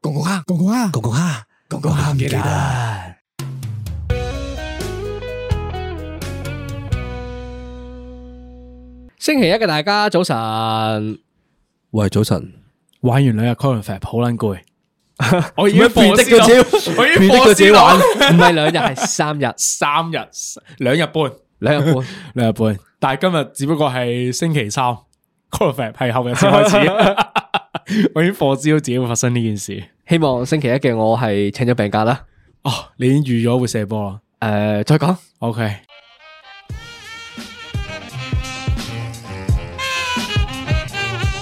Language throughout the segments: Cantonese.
公公哈，公公哈，公公哈，公公哈，唔記得。星期一嘅大家早晨，喂，早晨，玩完兩日 Clockenflap 好撚攰，我已經逼自己，我已經逼自己玩，唔係兩日係三日，三日兩日半，兩日半，兩日半，但係今日只不過係星期三，Clockenflap 係後日先開始。我已經 f o r 自己會發生呢件事，希望星期一嘅我係請咗病假啦。哦,你已經預咗會射波啦。誒、呃,再講，OK。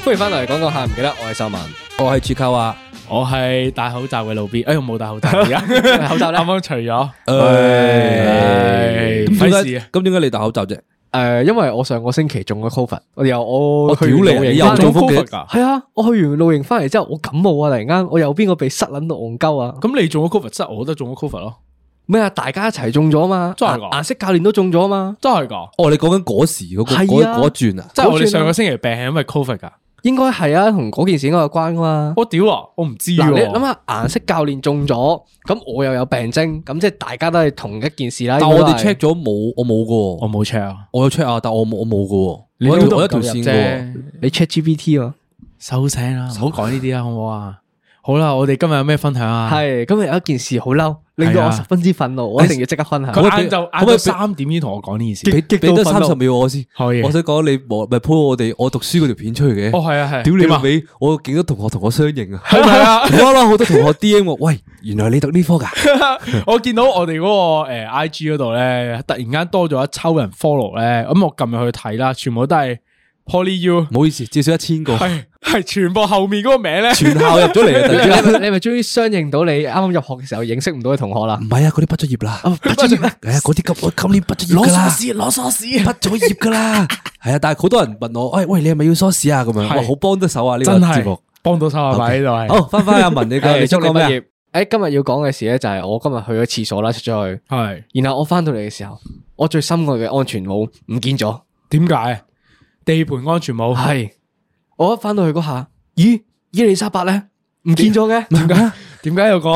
歡迎翻嚟，講講下唔記得，我係秀文，我係絕扣啊，我係戴口罩嘅路邊。哎呀，冇戴口罩而家，戴 口罩咧啱啱除咗， 剛剛哎，費事啊！咁點解你戴口罩啫？ 誒、呃，因為我上個星期中咗 Covid，又我表嚟，我你又中 Covid 噶，係啊，我去完露營翻嚟之後，我感冒啊，突然間我有邊個鼻塞捻到戇鳩啊，咁你中咗 Covid 塞，我都中咗 Covid 咯，咩啊？大家一齊中咗嘛？真係噶？顏、啊、色教練都中咗嘛？真係噶？哦，你講緊嗰時嗰、嗰個轉啊，即係、啊、我哋上個星期病係因為 Covid 噶。應該係啊，同嗰件事應該有關噶嘛、啊。我屌啊，我唔知。啊。你諗下顏色教練中咗，咁我又有病徵，咁即係大家都係同一件事啦。但我哋 check 咗冇，我冇噶。我冇 check，啊，我有 check 啊，但我冇我冇噶。我你都我，我一條線啫。你 check GBT 咯，收聲啦，唔好講呢啲啦，好唔好啊？好啦，我哋今日有咩分享啊？係今日有一件事好嬲，令到我十分之憤怒，是啊、我一定要即刻分享，欸。佢晏晝晏晝三點先同我講呢件事，俾俾多三十秒我先。可以，我想講，你冇咪 po 我哋我讀書嗰條片出去嘅。哦，係啊係。屌你媽啊。我見到同學同我相認啊，係咪噢啊？無啦啦，好多同學 D M，啊、喂，原來你讀呢科噶。 我見到我哋嗰個誒 I G 嗰度咧，突然間多咗一抽人 follow 咧，咁我撳入去睇啦，全部都係。PolyU，唔好意思，至少一千個係係全部後面嗰個名咧，全校入咗嚟啊！你咪終於相認到你啱啱入學嘅時候認識唔到嘅同學啦？唔係啊，嗰啲畢咗業啦，畢咗業，係啊，嗰啲今今年畢咗業攞沙紙，攞沙紙，畢咗業噶啦，係啊，但係好多人問我，哎喂，你係咪要沙紙啊？咁樣哇，好幫得手啊！呢個節目幫到手啊，係呢度係。好，翻返阿文你個，你祝你畢業。誒，今日要講嘅事咧，就係我今日去咗廁所啦，出咗去，係，然後我翻到嚟嘅時候，我最深愛嘅安全帽唔見咗，點解？地盤安全帽係，我一翻到去嗰下，咦，伊麗莎白咧唔見咗嘅，點解？點解又改？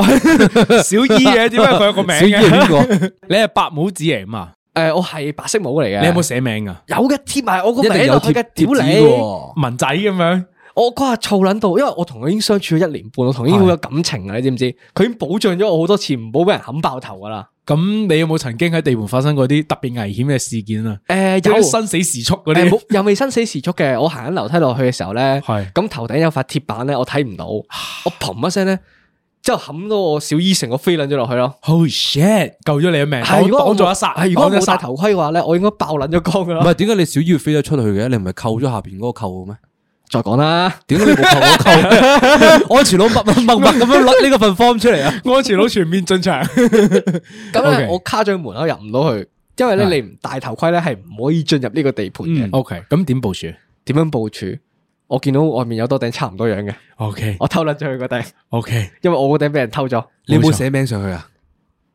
小姨嘅，點解佢有個名？小姨邊個，你係白帽子嚟嘛？誒，我係白色帽嚟嘅，你有冇寫名啊？有嘅，貼埋我個名喺度，貼嘅屌你文仔咁樣，我下燥撚到，因為我同佢已經相處咗一年半，我同佢已經好有感情啊，你知唔知？佢已經保障咗我好多次，唔好俾人冚爆頭啦。咁你有冇曾經喺地盤發生過啲特別危險嘅事件啊？誒、呃，有生死時速嗰啲、呃，又未生死時速嘅。我行緊樓梯落去嘅時候咧，咁是頭頂有塊鐵板咧，我睇唔到，唉我嘭一聲咧，之後冚到我小 E 成個飛撚咗落去咯。Oh shit！救咗你嘅命，如果我做一殺，如果我冇戴頭盔嘅話咧， 我應該爆撚咗光噶啦。唔係，點解你小 E 飛咗出去嘅？你唔係扣咗下邊嗰個扣嘅咩？再講啦，點解你冇扣我扣？ 安全佬默默默默咁樣攞呢個份 form 出嚟啊！ 安全佬全面進場，咁 我卡咗門口入唔到去，因為咧你唔戴頭盔咧係唔可以進入呢個地盤嘅。O K，咁點部署？點樣部署？我見到外面有多頂差唔多樣嘅。O Okay , K，我偷撚咗佢個頂。O okay , K，因為我個頂俾人偷咗，錯你有冇寫名上去啊？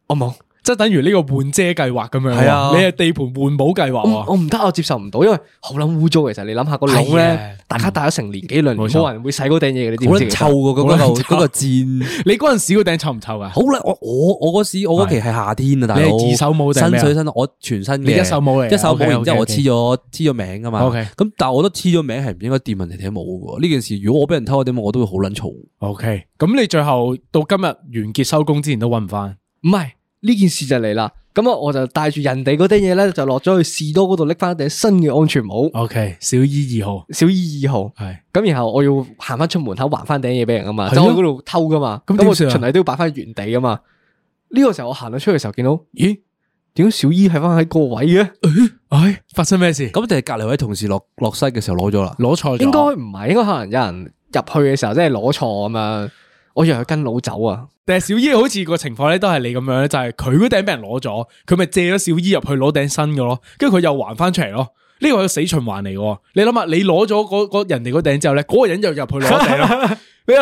我冇。即係等於呢個換遮計劃咁樣，你係地盤換帽計劃啊！我唔得，我接受唔到，因為好撚污糟。其實你諗下嗰頂嘢，大家戴咗成年幾兩年，冇人會洗嗰頂嘢嘅。我覺得臭過嗰嚿嗰嚿氈。你嗰陣時嗰頂臭唔臭噶？好撚，我我我嗰時我嗰期係夏天啊，大佬。你係自手冇，身水身。我全身嘅。你一手冇嚟。一手冇，然之後我黐咗黐咗名噶嘛。咁但係我都黐咗名，係唔應該掂人哋睇冇噶。呢件事如果我俾人偷我頂帽，我都會好撚嘈。O K，咁你最後到今日完結收工之前都搵唔翻？唔係。呢件事就嚟啦，咁啊，我就帶住人哋嗰啲嘢咧，就落咗去士多嗰度拎翻頂新嘅安全帽。OK，小姨二號，小姨二號係。咁是然後我要行翻出門口，還翻頂嘢俾人啊嘛，走去嗰度偷噶嘛。咁那麼 我循例都要擺翻喺原地噶嘛。呢、啊、個時候我行咗出去嘅時候，見到咦，點解小姨喺翻喺個位嘅？唉、哎，發生咩事？咁就係隔籬位同事落落室嘅時候攞咗啦？攞錯咗？應該唔係，應該可能有人入去嘅時候真，即係攞錯咁樣。我以為佢跟佬走啊，但係小姨好似個情況咧，都係你咁樣咧，就係佢嗰頂俾人攞咗，佢咪借咗小姨入去攞頂新嘅咯，跟住，佢又還翻出嚟咯。呢個係個死循環嚟嘅。你諗下，你攞咗嗰嗰人哋個頂之後咧，嗰個人又入去攞頂，你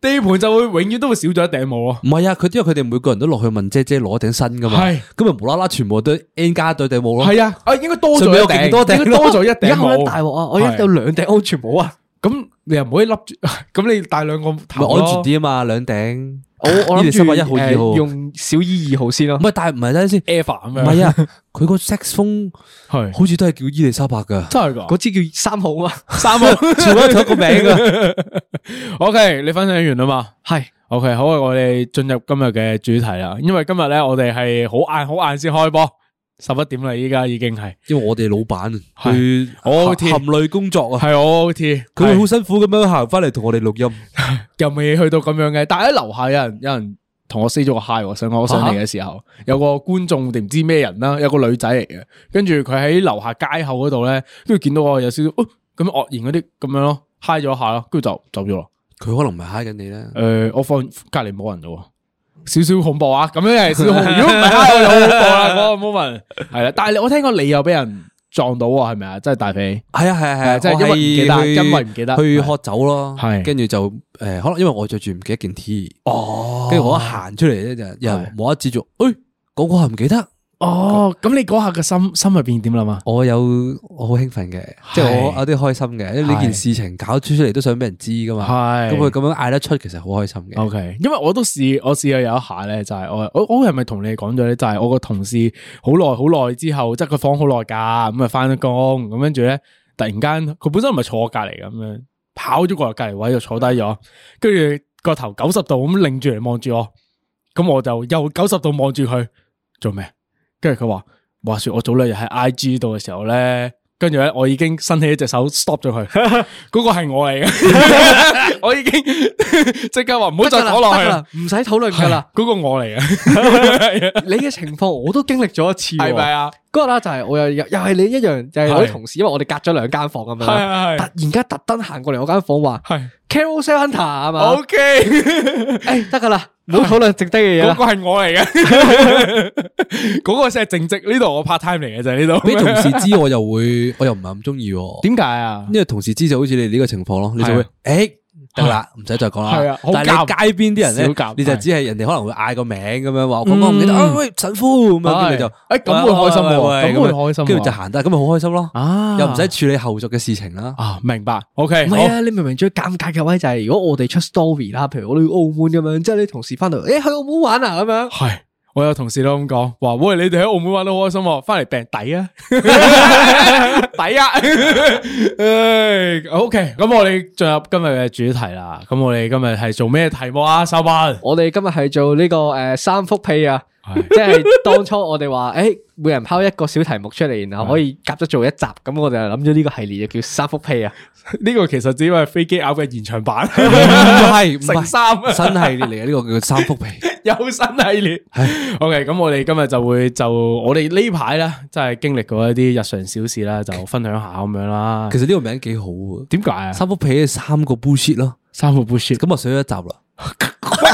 地盤就會永遠都會少咗一頂帽啊。唔係啊，佢因為佢哋每個人都落去問姐姐攞頂新噶嘛，係，咁咪無啦啦全部都 n 加對頂帽咯，係啊，啊應該多咗頂，多頂，多咗一頂帽，大鑊啊，我有兩頂安全帽啊。你又唔可以笠住，咁 你戴兩個頭咯，咪安全啲啊嘛，兩頂。我我諗住話伊麗莎白一號二號用小伊二號先啦，唔係，但係唔係等陣先，Air 范。唔係 ever 啊，佢個 Saxophone 係，好似都係叫伊麗莎白噶，真係噶。嗰支叫三號啊，三號，全部都係 同一個名啊。 OK，你分享完啦嘛？係是 OK，好啊，我哋進入今日嘅主題啦。因為今日咧，我哋係好晏好晏先開波。十一點啦，依家已經係，因為我哋老闆佢他含淚工作啊，係 OT 佢好辛苦咁樣行翻嚟同我哋錄音， 又未去到咁樣嘅。但係喺樓下有人有人同我 say 咗個 hi，想我上嚟嘅時候，啊、有個觀眾定唔知咩人啦，有個女仔嚟嘅，跟住佢喺樓下街口嗰度咧，跟住見到我有少少咁惡言嗰啲咁樣咯，hi 咗下咯，跟住就，就走咗咯。佢可能唔係 hi 緊你咧，誒、呃，我放隔籬冇人嘅。少少恐怖啊！咁樣係少少恐怖， 如果唔係 我就好恐怖啦，啊嗰個 moment。係啦，但係我聽過你又俾人撞到啊，係咪啊？真係大髀。係啊係係，真係因為唔記得，因為唔記得去喝酒咯。係，跟住就誒，可能因為我着住唔記得件 T。哦，跟住我一行出嚟咧就又冇得接住，誒的，嗰、哎嗰個我唔記得。哦，咁、oh, 你嗰下嘅心心入邊點諗啊？我有我好興奮嘅，是即係我有啲開心嘅，因為呢是件事情搞出出嚟都想俾人知噶嘛。係咁佢咁樣嗌得出，其實好開心嘅。O、okay, K，因為我都試，我試過有一下咧，就係、是、我我我係咪同你講咗咧？就係、是、我個同事好耐好耐之後，即係佢放好耐假，咁啊翻咗工，咁跟住咧突然間佢本身唔係坐我隔籬咁樣，跑咗過嚟隔籬位度坐低咗，跟住個頭九十度咁擰住嚟望住我，咁我就又九十度望住佢做咩？跟住佢話話說我早兩日喺 IG 度嘅時候咧，跟住咧我已經伸起一隻手 stop 咗佢，嗰 個係我嚟嘅。 我已經即 刻話唔好再講落去，唔使討論噶啦，嗰 個我嚟嘅。 你嘅情況我都經歷咗一次，係咪啊？嗰日咧就係、是、我又又係你一樣，就係我啲同事，因為我哋隔咗兩間房咁樣，啊啊、突然間特登行過嚟我間房話。Care Center 啊嘛，OK，誒得噶啦，唔好討論值得嘅嘢。嗰個係我嚟嘅，嗰個係正直。呢度，我 part time 嚟嘅就係呢度。你同事知我又會，我又唔係咁中意。點解啊？因為同事知就好似你呢個情況咯，你就會誒。得啦，唔使再講啦。係啊，但係你街邊啲人呢。你就只係人哋可能會嗌個名咁樣話，我講唔記得啊，喂神父！咁樣，跟住就誒咁會開心喎，咁會開心。跟住就行得，咁咪好開心咯。啊，又唔使處理後續嘅事情啦。啊，明白。O K，唔係啊，你明明最尷尬嘅位就係如果我哋出 story 啦，譬如我哋去澳門咁樣，即係你同事翻到嚟，誒去澳門玩啊咁樣。係。我有同事都咁講，哇喂，你哋喺澳門玩到開心，翻嚟病抵啊，抵啊！o k 咁我哋進入今日嘅主題啦。咁我哋今日係做咩題目啊？手班！我哋今日係做呢、這個誒、呃、三副屁啊！是即係當初我哋話，誒、欸，每人拋一個小題目出嚟，然後可以夾咗做一集，咁是我哋就諗咗呢個系列就叫三幅皮啊。呢 個其實只不過係飛機鴨嘅現場版，係唔係？新係、啊、新系列嚟嘅。呢、這個叫三幅皮， 有新系列。是 OK，咁我哋今日就會就我哋呢排咧，真係經歷過一啲日常小事啦，就分享下咁樣啦。其實呢個名幾好啊？點解啊？三幅皮係三個 bullshit 咯，三個 bullshit，咁我少咗一集啦。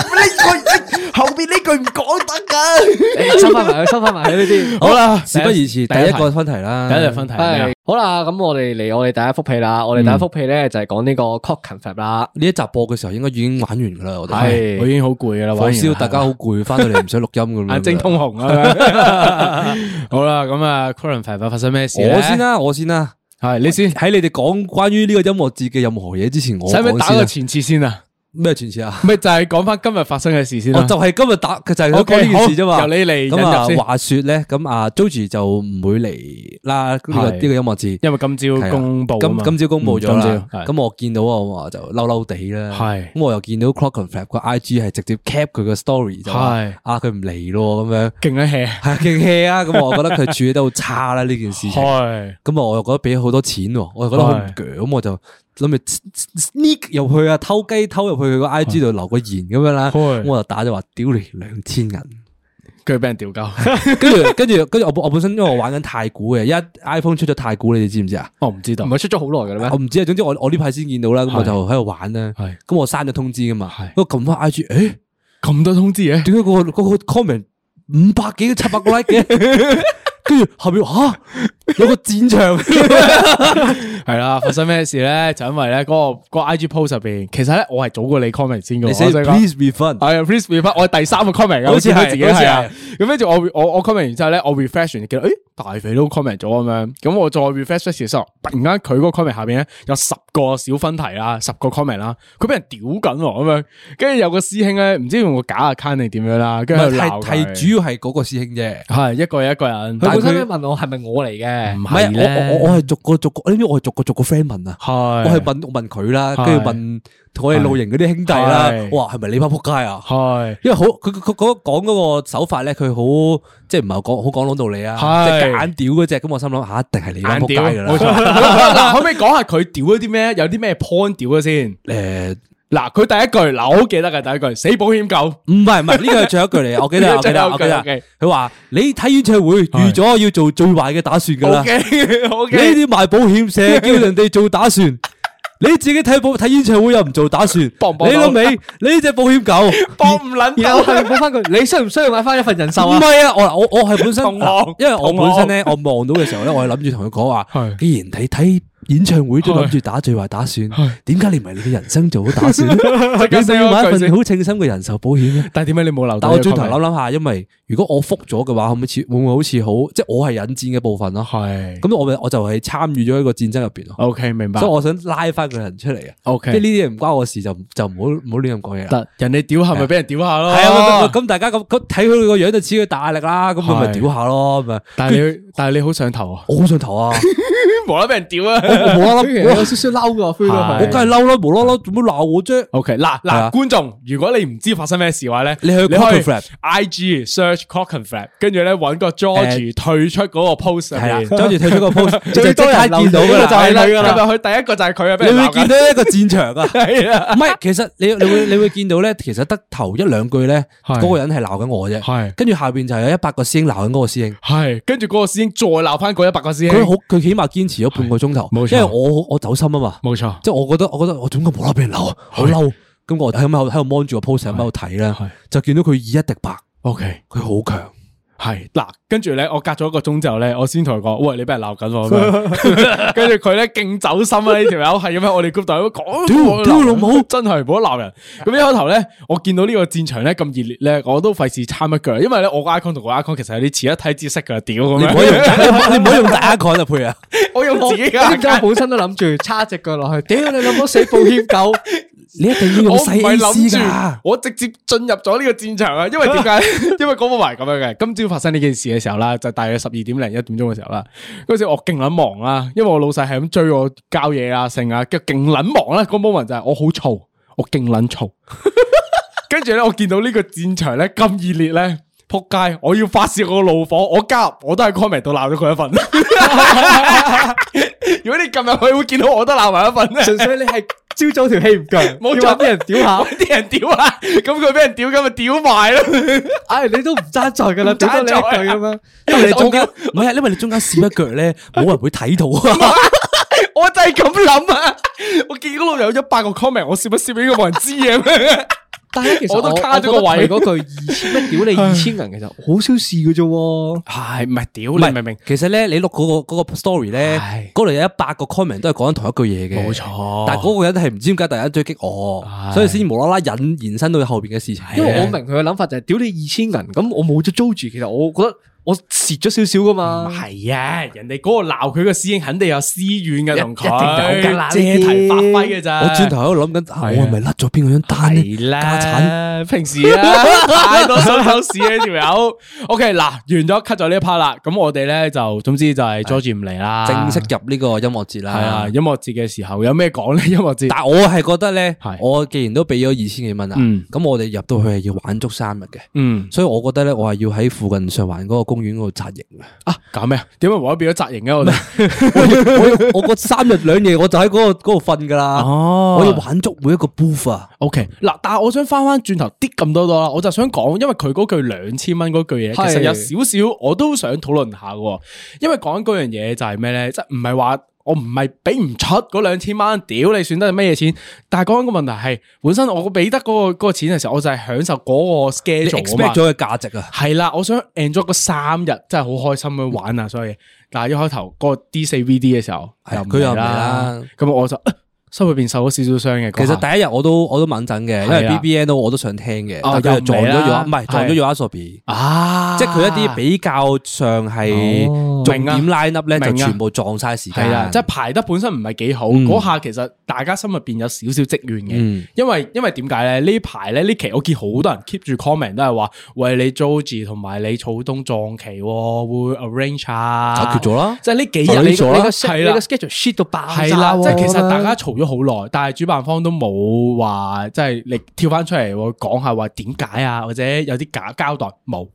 後邊呢句唔講得噶，收翻埋，收翻埋呢啲。好啦，事不宜遲，第一個分題啦，第一個分題。係好啦，咁我哋嚟我哋第一幅戲啦，我哋第一幅戲咧就係講呢個 Clockenflap 啦。呢一集播嘅時候應該已經玩完噶啦，我哋係，我已經好攰噶啦，發燒，大家好攰，翻嚟唔想錄音咁，眼睛通紅啊。好啦，咁啊，Clockenflap 發生咩事？我先啦，我先啦，係你先喺你哋講關於呢個音樂節嘅任何嘢之前，我使唔使打個前設先啊？咩傳説啊？咪就係講翻今日發生嘅事先啦。就係今日打佢就係講呢件事啫嘛。由你嚟咁啊。話說咧，咁阿 Jojo 就唔會嚟啦。呢個呢個音樂節，因為今朝公布，今今朝公布咗。今咁我見到我就嬲嬲地啦。係咁我又見到 Clockenflap 個 IG 係直接 cap 佢個 story 就話啊佢唔嚟咯咁樣。勁氣係勁氣啊！咁我覺得佢處理得好差啦呢件事。咁啊！我又覺得俾咗好多錢，我又覺得好唔夾，咁我就。諗咪 sneak 入去啊，偷雞偷入去佢個 I G 度留個言咁的樣啦，咁的我就打咗話屌你兩千銀，畀人掉鳩。跟住跟住跟住我我本身因為我玩緊太古嘅，而家 iPhone 出咗太古你哋知唔知啊？我唔知道，唔係出咗好耐嘅咩？我唔知啊，總之我我呢排先見到啦，咁我就喺度玩啦，咁的我刪咗通知噶嘛，撳返 I G 誒，咁、欸、多通知嘅，點解嗰個、嗰個 comment 五百幾七百個 like 嘅？ 跟住後邊吓有個戰場，係啦，發生咩事咧？就因為咧、那、嗰個、那個、I G post 入邊，其實咧我係早過你 comment 先嘅說。Please be fun，係啊，Please be fun，我係第三個 comment 嘅， 好似係，好似係。咁跟住我我我 comment 完之後咧，我 refresh 見到，誒、哎、大肥都 comment 咗咁樣，咁我再 refresh 時，時候突然間佢嗰 comment 下邊咧有十個小分題啦，十個 comment 啦，佢俾人屌緊喎咁樣。跟住有個師兄咧，唔知用個假 account 定點樣啦，跟住鬧。係主要係嗰個師兄啫，係一,一個一個人。佢問我係咪我嚟嘅？唔係，我我我係逐個逐個，點知我係逐個逐個 friend 問啊！係，我係問我問佢啦，跟住問我哋露營嗰啲兄弟啦。哇，係咪你班仆街啊？係，因為好佢佢講講嗰個手法咧，佢好即係唔係講好講攏道理啊？係，即係硬屌嗰隻。咁我心諗嚇，一定係你班仆街啦。嗱，可唔可以講下佢屌嗰啲咩？有啲咩 point 屌咗先？誒。嗱，佢第一句嗱，我好記得㗎第一句，死保險狗，唔係唔係呢個係最後一句嚟啊！我記得，我記得，我記得，佢話你睇演唱會預咗要做最壞嘅打算噶啦，你啲賣保險社叫人哋做打算，你自己睇保睇演唱會又唔做打算，你諗未？呢隻保險狗搏唔撚，然後我講翻句，你需唔需要買翻一份人壽啊？唔係啊，我我我係本身，因為我本身咧，我望到嘅時候咧，我係諗住同佢講話，係，既然睇睇。演唱會都諗住打最壞打算，點解你唔係你嘅人生做好打算？你仲要買一份好稱心嘅人壽保險，但係點解你冇留？但我轉頭諗諗下，因為如果我覆咗嘅話，可唔可以似會唔會好似好，即係我係引戰嘅部分咯？係咁，我我就係參與咗一個戰爭入邊咯。OK，明白。所以我想拉翻個人出嚟啊。OK，即係呢啲嘢唔關我事，就就唔好唔好亂咁講嘢。人哋屌下咪俾人屌下咯。係啊，咁大家咁咁睇佢個樣就似佢大壓力啦。咁佢咪屌下咯。但係你但係你好上頭啊？我好上頭啊，無啦啦俾人屌啊！冇啦啦，有少少嬲噶，我梗係嬲啦，無啦啦，做乜鬧我啫？OK，嗱嗱，觀眾，如果你唔知發生咩事嘅話咧，你去 Clockenflap，IG search Clockenflap，跟住咧搵個 George 退出嗰個 post 係啦，George 退出個 post，就即刻見到噶啦，就係佢啦，係咪佢第一個就係佢啊？你會見到一個戰場啊，係啊，唔係，其實你你會你會見到咧，其實得頭一兩句咧，嗰個人係鬧緊我啫，係，跟住下邊就有一百個師兄鬧緊嗰個師兄，係，跟住嗰個師兄再鬧翻嗰一百個師兄，佢好，佢起碼堅持咗半個鐘頭。因為我我走心啊嘛，冇錯錯，即係我，我覺得我覺得的我點解冇得俾人鬧，好嬲的，咁我喺度喺度望住個 post 喺度睇咧，就見到佢以一敵百，OK，佢好強。的係嗱，跟住咧，我隔咗一個鐘之後咧，我先同佢講，喂，你俾人鬧緊我咩？跟住佢咧，勁走心啊！呢條友係咁樣，我哋 group 度都講，屌老母，真係唔好鬧人。咁、啊、一開頭咧，我見到呢個戰場咧咁熱烈咧，我都費事差一腳，因為咧我 icon 同我 icon 其實有啲似一睇知識噶，屌咁你唔好用， 你唔好用大家講就配啊，我用自己噶，本身都諗住差隻腳落去，屌 你老母死保險狗。你一定要我唔係諗住，我直接進入咗呢個戰場啊！因為點解？ 因為嗰 moment 咁樣嘅，今朝發生呢件事嘅時候啦，就是、大約十二點零一點鐘嘅時候啦。嗰時我勁撚忙啦，因為我老細係咁追我交嘢啊，成啊，跟住勁撚忙啦。嗰 moment 就係我好嘈，我勁撚嘈。 跟住咧，我見到呢個戰場咧咁熱烈咧，扑街！我要發洩我個怒火，我加入我都喺 comment 度鬧咗佢一份。 如果你撳入去，會見到我都鬧埋一份，純 粹你係。朝早條氣唔夠，夠錯要話俾人屌下，啲 人屌下，咁佢俾人屌咁咪屌埋咯！唉、啊 哎，你都唔爭在噶啦，爭在咁樣， 因為你中間，唔係，因為你中間少一腳咧，冇 人會睇到啊 我！我真係咁諗啊，我見嗰度有一百個 comment，我笑唔笑俾個冇人知嘅！咩？大家其實都卡咗個位嗰句，二千蚊屌你二千銀，其實好少事嘅啫、啊。係唔係屌你，是你明唔明？其實咧，你錄嗰、那個 story 咧，嗰、那、度、個、唉有一百個 comment 都係講緊同一句嘢嘅。冇錯。但係嗰個人係唔知點解大家追擊我，唉所以先無啦啦引延伸到後邊嘅事情。因為我明佢嘅諗法就係、是、屌你二千銀，咁我冇咗租住，其實我覺得。我蝕咗少少噶嘛？係啊，人哋嗰個鬧佢嘅師兄肯定有私怨噶，同佢一定有噶借題發揮嘅咋。我轉頭喺度諗緊，我係咪甩咗邊個樣單咧？家啦，平時太多手口事呢條友。O K，嗱，完咗 cut 咗呢一 part 啦。咁我哋咧就，總之就係阻住唔嚟啦。正式入呢個音樂節啦，係啊，音樂節嘅時候有咩講咧？音樂節，但係我係覺得咧，我既然都俾咗二千幾蚊啊，咁我哋入到去係要玩足三日嘅，嗯，所以我覺得咧，我係要喺附近上環嗰個公園度紮營啊！啊，搞咩啊？點解冇得變咗紮營啊？我我我我三日兩夜我就喺嗰個度瞓噶啦。我要玩足每一個 booth 啊。OK，嗱，但係我想翻翻轉頭啲咁多多啦，我就想講，因為佢嗰句兩千蚊嗰句嘢，是其實有少少我都想討論下嘅。因為講嗰樣嘢就係咩咧，即係唔係話。我唔係俾唔出嗰兩千蚊，屌你算得係乜嘢錢？但係講緊個問題係，本身我俾得嗰個嗰個錢嘅時候，我就係享受嗰個 schedule 咗嘅價值啊！係啦，我想 enjoy 嗰三日真係好開心咁樣玩啊！所以，但係一開頭個 D4VD 嘅時候，佢、嗯、又唔係啦，咁我就。 心入邊受咗少少傷嘅。其實第一日我都我都敏感嘅，因為 B B N O 我都想聽嘅，但係撞咗唔係撞咗 U 阿 s o 啊！即係佢一啲比較上係重點 line up 咧，就全部撞晒時間啦。即係排得本身唔係幾好，嗰下其實大家心入邊有少少積怨嘅。因為因為點解咧？呢排咧呢期我見好多人 keep 住 comment 都係話，喂你 Jozy 同埋你草東撞期會 arrange 啊，解決咗啦，即係呢幾日你個你個 schedule sheet 都爆炸。即係其實大家嘈咗。好耐，但係主辦方都冇話，即係你跳翻出嚟，我講下話點解啊，或者有啲假交代，冇。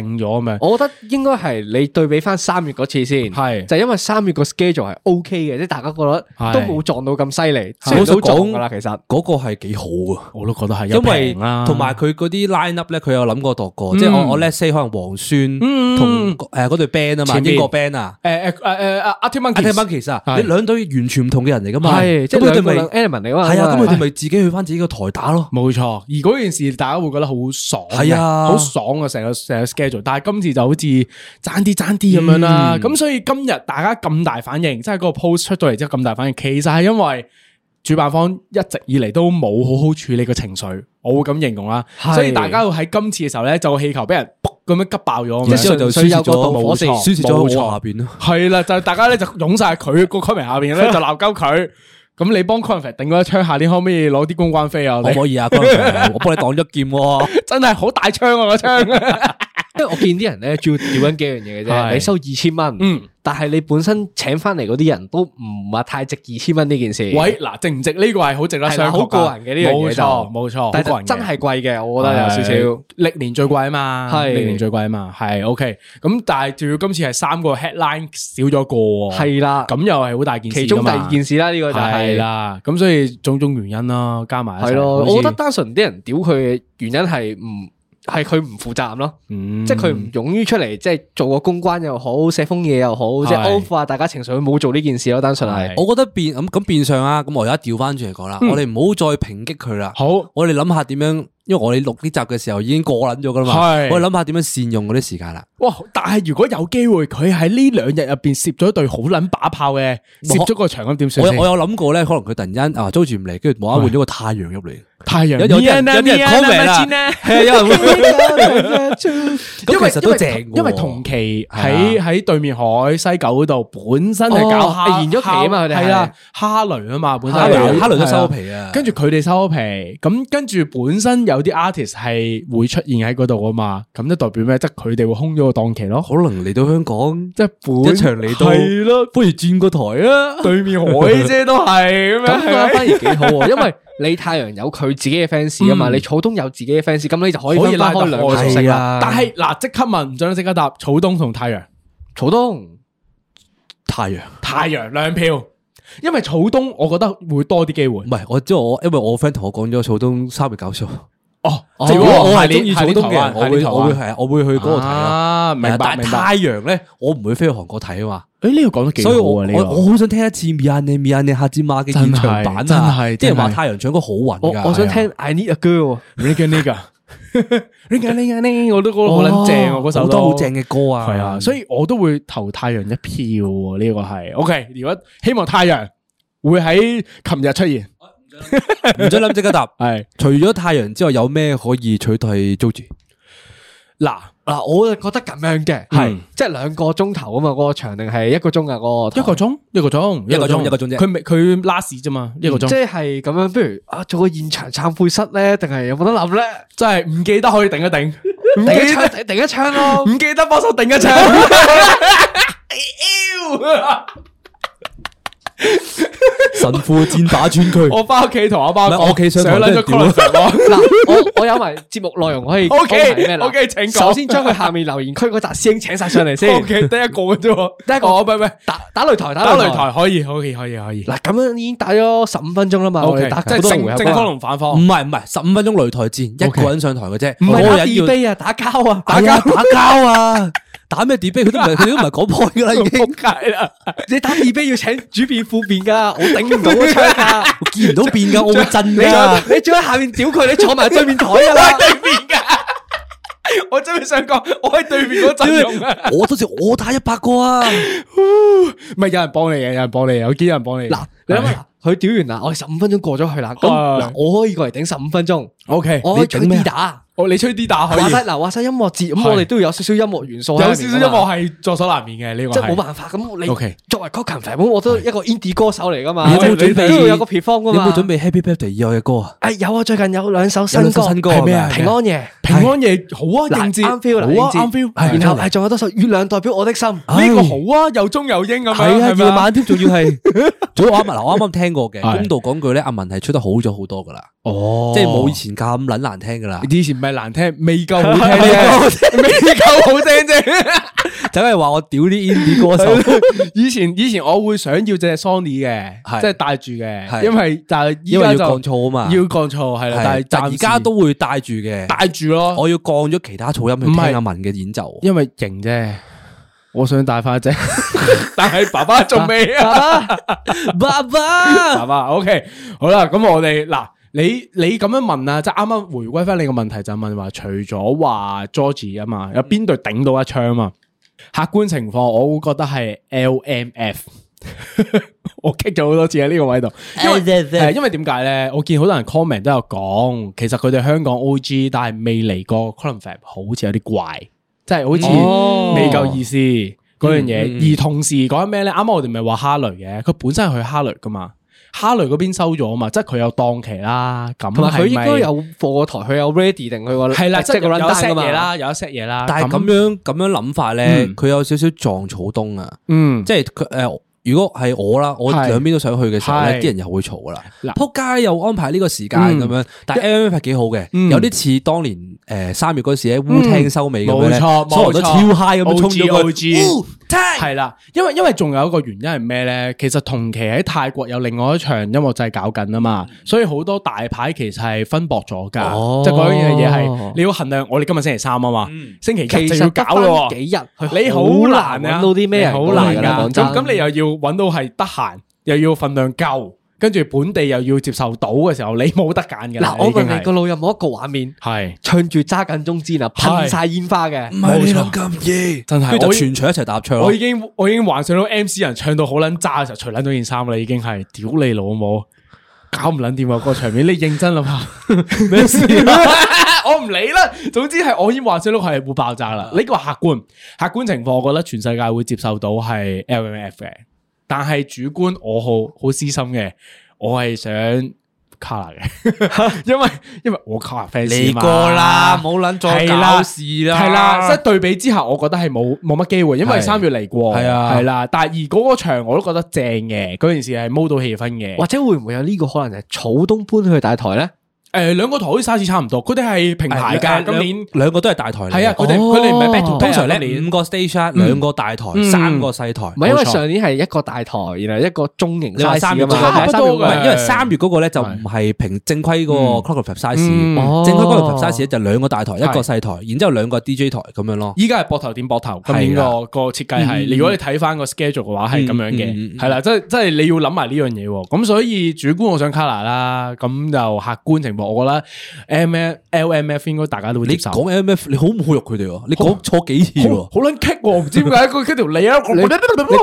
定咗咁樣，我覺得應該係你對比翻三月嗰次先，係就因為三月個 schedule 係 OK 嘅，即係大家覺得都冇撞到咁犀利，好爽㗎啦。其實嗰個係幾好啊，我都覺得係，因為同埋佢嗰啲 lineup 咧，佢有諗過度過，即係我我 let's say 可能黃宣同誒嗰隊 band 啊嘛，邊個 band 啊？誒誒誒阿 Tiffany，阿 Tiffany 其實兩隊完全唔同嘅人嚟㗎嘛，即係兩隊係 Animal 嚟㗎係啊，咁佢哋咪自己去翻自己個台打咯，冇錯。而嗰件事大家會覺得好爽，係啊，好爽啊！成個成個但係今次就好似爭啲爭啲咁樣啦。咁所以今日大家咁大反應，即係個 post 出到嚟之後咁大反應，其實係因為主辦方一直以嚟都冇好好處理個情緒，我會咁形容啦。所以大家喺今次嘅時候咧，就氣球俾人卜咁樣急爆咗，一輸就輸咗，冇火線，冇火下邊咯。係啦，就大家咧就湧晒佢個 comment 下邊咧就鬧鳩佢。咁你幫 Clockenflap 頂嗰一槍，下年可唔可以攞啲公關飛啊？可唔可以啊？我幫你擋咗劍，真係好大槍啊！個槍。因為我見啲人咧，仲要屌緊幾樣嘢嘅啫。你收二千蚊，嗯，但係你本身請翻嚟嗰啲人都唔話太值二千蚊呢件事。喂，嗱，值唔值呢個係好值啦，上好過人嘅呢樣嘢冇錯冇錯，但係真係貴嘅，我覺得有少少歷年最貴啊嘛，係歷年最貴啊嘛，係 OK。咁但係仲要今次係三個 headline 少咗個，係啦，咁又係好大件事。其中第二件事啦，呢個就係啦，咁所以種種原因啦，加埋係咯。我覺得單純啲人屌佢嘅原因係唔。係佢唔負責咯、嗯，即係佢唔勇於出嚟，即係做個公關又好，寫封嘢又好，是即係安撫下大家情緒，冇做呢件事咯，單純係。我覺得變咁咁變相啊，咁我而家調翻轉嚟講啦，嗯、我哋唔好再抨擊佢啦，好，我哋諗下點樣。因為我哋錄呢集嘅時候已經過捻咗噶啦嘛，我諗下點樣善用嗰啲時間啦。哇！但係如果有機會，佢喺呢兩日入邊攝咗一對好捻把炮嘅，攝咗個場咁點算？我有諗過咧，可能佢突然間啊租住唔嚟，跟住冇啊換咗個太陽入嚟。太陽有人有人講明啦，咁其實都正，因為同期喺喺對面海西九嗰度本身係搞下延咗期啊嘛，佢哋係啦哈雷啊嘛，本身哈雷哈雷都收皮啊，跟住佢哋收皮，咁跟住本身有啲 artist 係會出現喺嗰度啊嘛，咁就代表咩？即係佢哋會空咗個檔期咯。可能嚟到香港，即係一場嚟到，係咯，不如轉個台啊， 對面海姐都係咁啊，反而幾好、啊。因為你太陽有佢自己嘅 fans 啊嘛，嗯、你草東有自己嘅 fans，咁你就可以開開可以拉開兩票式啦。的啊、但係嗱，即刻問，唔准即刻答，草東同太陽，草東太陽陽太陽兩票，因為草東我覺得會多啲機會。唔係，我知係我，因為我 friend 同我講咗草東三月九數。哦，如果我係中意草東嘅人，我會我會係，我會去嗰度睇咯。啊，明白。但係太陽咧，我唔會飛去韓國睇啊嘛。誒，呢個講得幾好啊。我好想聽一次 Mia Ne Mia Ne 黑芝麻》嘅現場版啊。真係，即係。啲人話太陽唱歌好暈噶。我想聽 I Need A Girl。Ringa Linga 噶，Ringa Linga 咧，我都覺得好撚正啊。嗰首都好正嘅歌啊。係啊，所以我都會投太陽一票。呢個係，OK。如果希望太陽會喺琴日出現。唔準諗，即刻答。係除咗太陽之外，有咩可以取代 Joji？嗱嗱，我就覺得咁樣嘅，係即係兩個鐘頭啊嘛，嗰個場定係一個鐘啊，個一個鐘，一個鐘，一個鐘，一個鐘啫。佢未，佢 last 啫嘛，一個鐘。即係咁樣，不如啊，做個現場懺悔室咧，定係有冇得諗咧？即係唔記得可以頂一頂，頂一槍，頂一槍咯。唔記得，幫手頂一槍。神父戰打專區，我翻屋企同阿包，唔係我企上台嗱，我我有埋節目內容可以，O K，O K，請講。首先將佢下面留言區嗰達師兄請晒上嚟先。O K，第一個嘅啫，得一個唔係打打擂台，打擂台可以可以？可以可以。嗱，咁樣已經打咗十五分鐘啦嘛，我哋打即係正方同反方，唔係唔係十五分鐘擂台戰，一個人上台嘅啫，唔係打杯啊，打交啊，打交打交啊，打咩耳杯，佢都唔佢都唔係講 point 啦，已經解啦。你打耳杯要請主編。副變噶，我頂唔到窗噶，我見唔到變噶，我會震噶。你仲喺下面屌佢，你坐埋對面台啊！我真係想講、啊，我喺對面嗰陣用，我當時我打一百個啊，唔係有人幫你嘅，有人幫你嘅，我見有人幫你嗱，你是。佢屌完啦，我哋十五分鐘過咗去啦。咁嗱，我可以過嚟頂十五分鐘。O K，我吹 D 打。哦，你吹 D 打可以。話晒嗱，話晒音樂節咁，我哋都要有少少音樂元素。有少少音樂係在所難免嘅，你話。真係冇辦法。咁你作為 Clockenflap，我都一個 indie 歌手嚟噶嘛。你都準備？你都有個 perform 噶嘛。你準備 Happy Birthday 以外嘅歌啊？誒，有啊，最近有兩首新歌，係咩啊？平安夜，平安夜好啊，啱 feel，啱 feel。然後誒，仲有多首月亮代表我的心，呢個好啊，又中又英咁樣係嘛？夜晚添，仲要係早啱埋，我啱啱聽。過嘅公道講句咧，阿文係出得好咗好多噶啦，即係冇以前咁撚難聽噶啦。以前唔係難聽，未夠好聽，未夠好聽啫。就係話我屌啲 indie 歌手。以前以前我會想要隻 Sony 嘅，即係戴住嘅，因為但係依家就要降噪啊嘛，要降噪係啦。但係但而家都會戴住嘅，戴住咯。我要降咗其他噪音去聽阿文嘅演奏，因為型啫。我想帶返隻，但係爸爸仲未啊！爸爸，爸爸，OK，好啦，咁我哋嗱，你你咁樣問啊，即係啱啱回歸翻你個問題，就問話除咗話 George 啊嘛，有邊隊頂到一槍啊嘛？客觀情況我會覺得係 L M F，我 kick 咗好多次喺呢個位度，因為係因為點解咧？我見好多人 comment 都有講，其實佢哋香港 O G，但係未嚟過 Clockenflap，好似有啲怪。即係好似未夠意思嗰、哦、樣嘢，嗯嗯、而同時講咩咧？啱啱我哋咪話哈雷嘅，佢本身係去哈雷噶嘛，哈雷嗰邊收咗嘛，即係佢有檔期啦，咁佢應該有貨台，佢有 ready 定佢個係啦，即係有得 set 嘢啦，嗯、有一 set 嘢啦。但係咁樣咁樣諗法咧，佢有少少撞草東啊，嗯，即係佢誒。呃如果係我啦，我兩邊都想去嘅時候咧，啲人又會嘈噶啦。撲街又安排呢個時間咁樣，但係 MVP 幾好嘅，有啲似當年誒三月嗰時喺烏聽收尾咁冇錯，冇錯超 high 咁樣沖咗去。係啦，因為因為仲有一個原因係咩咧？其實同期喺泰國有另外一場音樂祭搞緊啊嘛，所以好多大牌其實係分薄咗噶，即係嗰樣嘢係你要衡量。我哋今日星期三啊嘛，星期其實要搞幾日，你好難揾到啲咩好難噶，咁你又要。搵到係得閒，又要份量夠，跟住本地又要接受到嘅時候，你冇得揀嘅。嗱，我問你個腦有冇一個畫面，係是唱住揸緊中指啊，噴晒煙花嘅，冇錯咁易，真係，跟住就全場一齊搭唱。我已經，我已經幻想到 M C 人唱到好撚炸嘅時候，除撚咗件衫啦，已經係屌你老母，搞唔撚掂個個場面。 你認真諗下，咩事，我唔理啦。總之係我已經幻想到係會爆炸啦。呢個客觀客觀情況，我覺得全世界會接受到係 L M F 嘅。但係主觀我，我好好私心嘅，我係想卡啦嘅，因為因為我卡啦 fans 嘛，嚟過啦，冇捻再鬧事啦，係啦，即係對比之下我覺得係冇冇乜機會，因為三月嚟過，係啊對，係啦，啦，但係而嗰個場我都覺得正嘅，嗰件事係踎到氣氛嘅，或者會唔會有呢個可能係草東搬去大台咧？誒兩個台 size 差唔多，佢哋係平牌㗎。今年兩個都係大台。係啊，佢哋佢哋唔係 battle。通常咧，五個 stage 啊，兩個大台，三個細台。唔係因為上年係一個大台，然後一個中型 size。因為三月嗰個咧就唔係平正規個 Clockenflap size。正規嗰個 size 咧就兩個大台，一個細台，然之後兩個 DJ 台咁樣咯。依家係膊頭點膊頭咁樣，個個設計係。如果你睇翻個 schedule 嘅話係咁樣嘅，係啦，即係即係你要諗埋呢樣嘢喎。咁所以主觀我想 Kala 啦，咁就客觀情況。我覺得 M M L M F 應該大家都會接受。你講 M F，你好侮辱佢哋喎！你講錯幾次喎、啊？ 好卵棘 i 唔知點解佢 kick 條脷啊！一個 我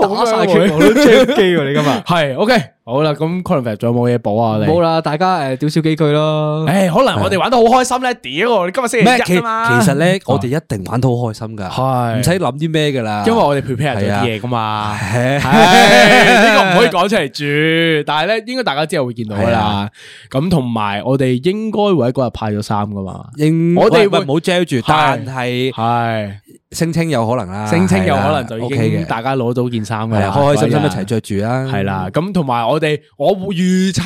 我阿三，我都追機喎！你今日係 OK。好啦，咁可能佢仲有冇嘢補啊？你冇啦，大家誒屌少幾句咯。誒，可能我哋玩得好開心咧，屌你今日星期幾？其實咧，我哋一定玩到好開心噶，係唔使諗啲咩噶啦。因為我哋 prepare 咗啲嘢噶嘛，呢個唔可以講出嚟住。但係咧，應該大家之後會見到噶啦。咁同埋，我哋應該會喺嗰日派咗衫噶嘛。我哋咪冇遮住，但係係。聲稱有可能啦，聲稱有可能就已經大家攞到件衫啦，開開心心一齊着住啦。係啦，咁同埋我哋，我會預測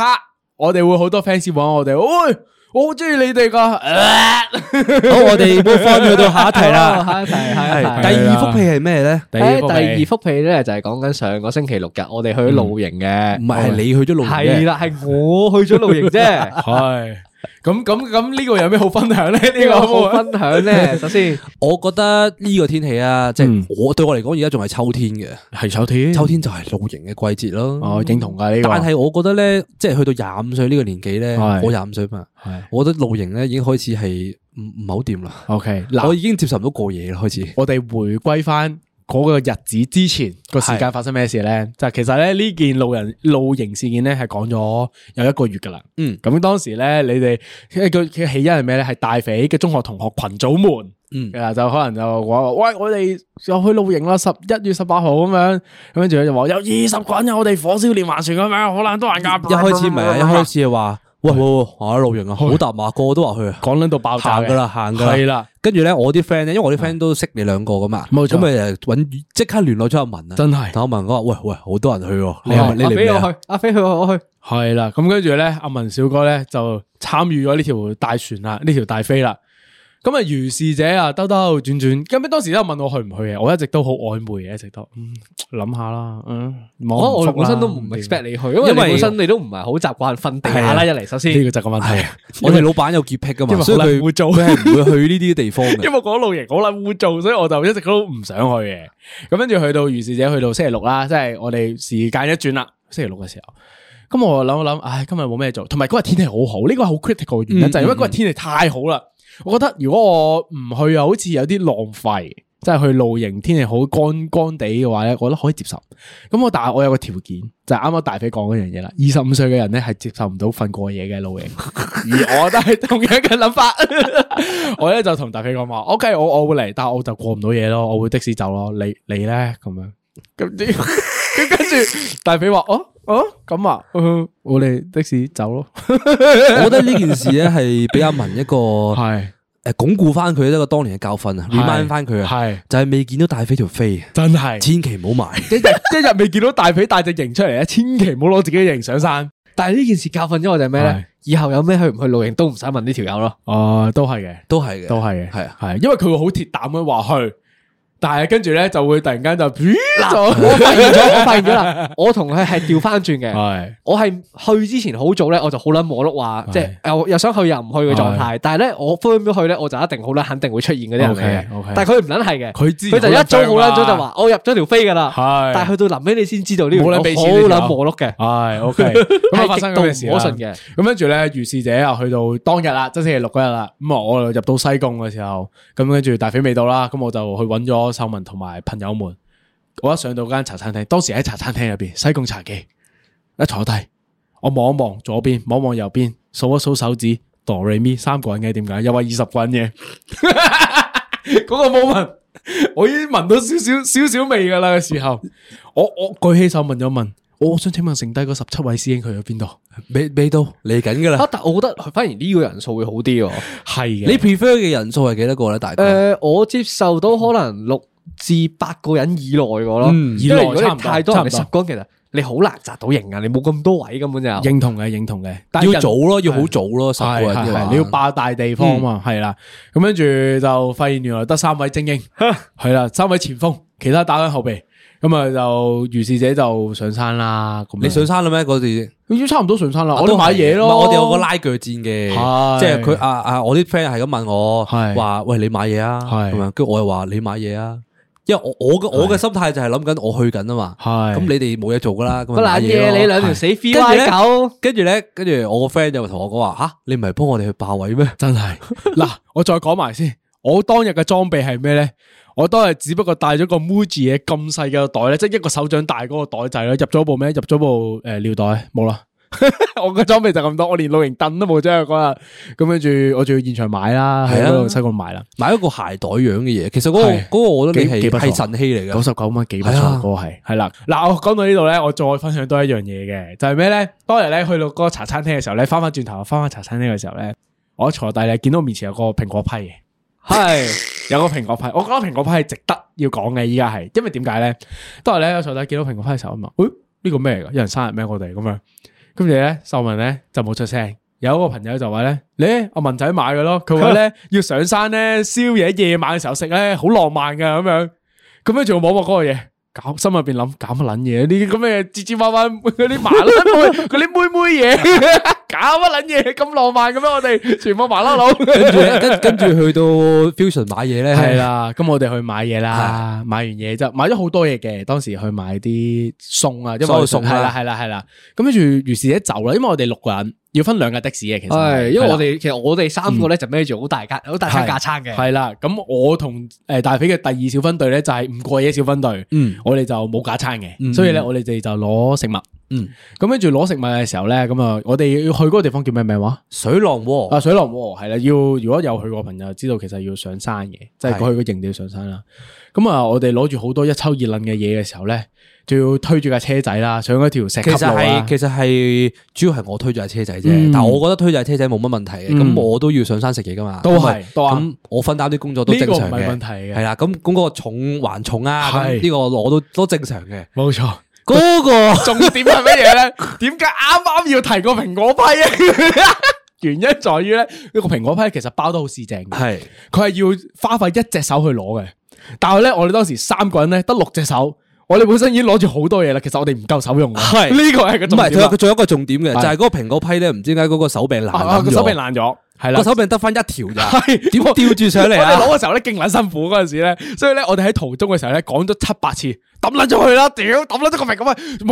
我哋會好多 fans 搵我哋，喂，我好中意你哋噶。好，我哋會翻去到下一題啦，下一題係。第二幅戲係咩咧？第二幅戲咧就係講緊上個星期六日，我哋去露營嘅，唔係，係你去咗露營，係啦，係我去咗露營啫。係。咁咁咁呢個有咩好分享咧？呢個好分享咧。首先，我覺得呢個天氣啊，即係我對我嚟講，而家仲係秋天嘅，係秋天。秋天就係露營嘅季節咯。哦，認同噶呢個。但係我覺得咧，即係去到廿五歲呢個年紀咧，我廿五歲嘛，係我覺得露營咧已經開始係唔唔好掂啦。OK，我已經接受唔到過夜啦，開始。嗯，我哋回歸翻。嗰個日子之前、嗰個時間發生咩事咧？就是其實咧呢件路人露營事件咧係講咗有一個月噶啦。嗯，咁當時咧你哋佢佢起因係咩咧？係大肥嘅中學同學群組們，嗯，就可能就話喂我哋又去露營啦，十一月十八號咁樣，咁跟住佢就話有二十個人，有個人、啊、我哋火燒連環船咁樣，好難多人夾。一開始唔係，一開始係話。喂，露營啊，好搭馬哥都話去，講捻到爆炸噶啦，行噶係啦。跟住咧，我啲 friend 咧，因為我啲 friend 都識你兩個噶嘛，咁咪揾即刻聯絡咗阿文啦，真係。但阿文講話喂喂，好多人去喎，你你嚟唔嚟啊？去，阿飛去，我去。係啦，咁跟住咧，阿文小哥咧就參與咗呢條大船啦，呢條大飛啦。咁啊，如是者啊，兜兜轉轉，咁咩？當時都有問我去唔去嘅，我一直都好曖昧嘅，嗯、一直都諗下啦。嗯，我,我本身都唔 expect 你去，因為,因為本身你都唔係好習慣瞓地下啦。一嚟為，首先呢個就個問題，為我哋老闆有潔癖噶嘛，因為所以污糟，佢係唔會去呢啲地方嘅。因為我講露營好啦污糟，所以我就一直都唔想去嘅。咁跟住去到如是者，去到星期六啦，即係我哋時間一轉啦，星期六嘅時候，咁我諗一諗，唉，今日冇咩做，同埋嗰日天氣好好，呢、呢個係好 critical 嘅原因、嗯、就係因為嗰日天氣太好啦。我覺得如果我唔去又好似有啲浪費，即係去露營天氣好乾乾地嘅話咧，我覺得可以接受。咁我但係我有個條件，就係啱啱大肥講嗰樣嘢啦。二十五歲嘅人咧係接受唔到瞓過夜嘅露營，而我都係同樣嘅諗法。 我咧就同大肥講話：OK，我我會嚟，但係我就過唔到夜咯，我會的士走咯。你你咧咁樣咁點？ 跟住大肥話：哦哦咁啊，我哋的士走咯。我覺得呢件事咧係俾阿文一個係誒鞏固翻佢一個當年嘅教訓啊，練翻佢啊，係就係未見到大肥條飛，真係千祈唔好買。一一日未見到大肥帶隻型出嚟，千祈唔好攞自己嘅型上山。但係呢件事教訓咗我哋係咩咧？以後有咩去唔去露營都唔使問呢條友咯。哦，都係嘅，都係嘅，都係嘅，係係因為佢會好鐵膽咁樣話去。但係跟住咧就會突然間就嗱，我發現咗，我發現咗啦，我同佢係調翻轉嘅，我係去之前好早咧，我就好捻摩碌話，即係又又想去又唔去嘅狀態。但係咧我飛唔飛去咧，我就一定好捻肯定會出現嗰啲人。但係佢唔捻係嘅，佢佢就一早好捻早就話我入咗條飛噶啦。但係去到臨尾你先知道呢個，好捻摩碌嘅。係，OK，咁係極度可信嘅。咁跟住咧，如是者又去到當日啦，即星期六嗰日啦，咁啊，我入到西貢嘅時候，咁跟住大飛未到啦，咁我就去搵咗。我秀文同埋朋友們，我一上到間茶餐廳，當時喺茶餐廳入邊西貢茶記，一坐低，我望一望左邊，望望右邊，數一數手指 Do Re Mi，三個人嘅，點解又話二十個人嘅？嗰 個 moment，我已經聞到少少少少味噶啦。嘅時候，我我舉起手問咗問。我想請問剩低嗰十七位師兄，去咗邊度？未未到嚟緊噶啦。但我覺得反而呢個人數會好啲。係你 prefer 嘅人數係幾多個咧？大概。誒，我接受到可能六至八個人以內嘅咯。因為如果太多，十個人，其實你好難集到型啊！你冇咁多位根本就認同嘅，認同嘅。但要早咯，要好早咯，十個人。你要霸大地方啊嘛，係啦。咁跟住就發現原來得三位精英，係啦，三位前鋒，其他打緊後備。咁咪就如是者就上山啦。咁你上山啦咩？嗰時已經差唔多上山啦。我哋買嘢咯。我哋有個拉鋸戰嘅，即係佢阿阿我啲 friend 係咁問我，話喂，你買嘢啊，咁啊，跟住我又話你買嘢啊。因為我我我嘅心態就係諗緊我去緊啊嘛。咁你哋冇嘢做噶啦。咁嗱嘢，你兩條死 free 狗，跟住咧，跟住我個 friend 就同我講話吓，你唔係幫我哋去霸位咩？真係嗱，我再講埋先，我當日嘅裝備係咩咧？我都係只不過帶咗個 Muji 嘢咁細嘅袋咧，即係一個手掌大嗰個袋仔咧，入咗部咩？入咗部誒、呃、尿袋，冇啦。 我個裝備就咁多，我連露營凳都冇着噶啦。咁跟住我仲要現場買啦，喺香港買啦，買一個鞋袋樣嘅嘢。其實嗰、那個嗰是個我都幾批神器嚟嘅，九十九蚊幾批錯、啊、個係。係啦，嗱我講到呢度咧，我再分享多一樣嘢嘅，就係咩咧？當日咧去到嗰個茶餐廳嘅時候咧，翻翻轉頭翻翻茶餐廳嘅時候咧，我一坐低咧見到面前面有個蘋果批。係有個蘋果派，我覺得蘋果派係值得要講嘅。依家係，因為點解咧？都係咧，坐低見到蘋果派嘅時候啊嘛。誒、哎，呢個咩嚟噶？有人生日咩我哋咁樣？跟住咧，秀文咧就冇出聲。有一個朋友就話咧，誒，阿文仔買嘅咯。佢話咧，要上山咧，宵夜夜晚嘅時候食咧，好浪漫噶咁樣。咁樣仲摸摸嗰個嘢，搞心入邊諗搞乜撚嘢？啲咁嘅折折彎彎嗰啲麻卵，嗰啲妹妹嘢。 假乜撚嘢咁浪漫嘅咩？我哋全部麻甩佬。跟住跟跟住去到 Fusion 買嘢咧，係啦。咁我哋去買嘢啦，買完嘢就買咗好多嘢嘅。當時去買啲餸啊，因為係啦係啦係啦。咁跟住如是者走啦，因為我哋六個人要分兩架的士嘅，其實係。因為我哋其實我哋三個咧就孭住好大架好大餐架餐嘅。係啦，咁我同誒大肥嘅第二小分隊咧就係唔貴嘅小分隊。嗯，我哋就冇架餐嘅，所以咧我哋哋就攞食物。嗯，咁跟住攞食物嘅時候咧，咁啊，我哋要去嗰個地方叫咩名話？水浪喎，啊水浪喎，係啦，要如果有去過朋友知道，其實要上山嘅，即係過去個營地要上山啦。咁啊，我哋攞住好多一抽二捻嘅嘢嘅時候咧，就要推住架車仔啦，上嗰條石級路啦。其實係，其實係，主要係我推住架車仔啫。但我覺得推住架車仔冇乜問題嘅，咁我都要上山食嘢噶嘛。都係，咁我分擔啲工作都正常嘅。冇問題。係啦，咁咁嗰個重還重啊，呢個攞到都正常嘅，冇錯。嗰那個重點係乜嘢咧？點解啱啱要提個蘋果批啊？ 原因在於咧，呢個蘋果批其實包得好市正，係佢係要花費一隻手去攞嘅。但係咧，我哋當時三個人咧得六隻手，我哋本身已經攞住好多嘢啦。其實我哋唔夠手用，係呢是個係個唔係佢仲有一個重點嘅，就係、是、嗰個蘋果批咧，唔知點解嗰個手柄爛咗，手柄爛咗。係啦，個手柄得翻一條咋？係點吊住上嚟啊！我哋攞嘅時候咧，勁捻辛苦嗰陣時咧，所以咧，我哋喺途中嘅時候咧，講咗七八次抌甩咗佢啦！屌，抌甩咗個蘋果批，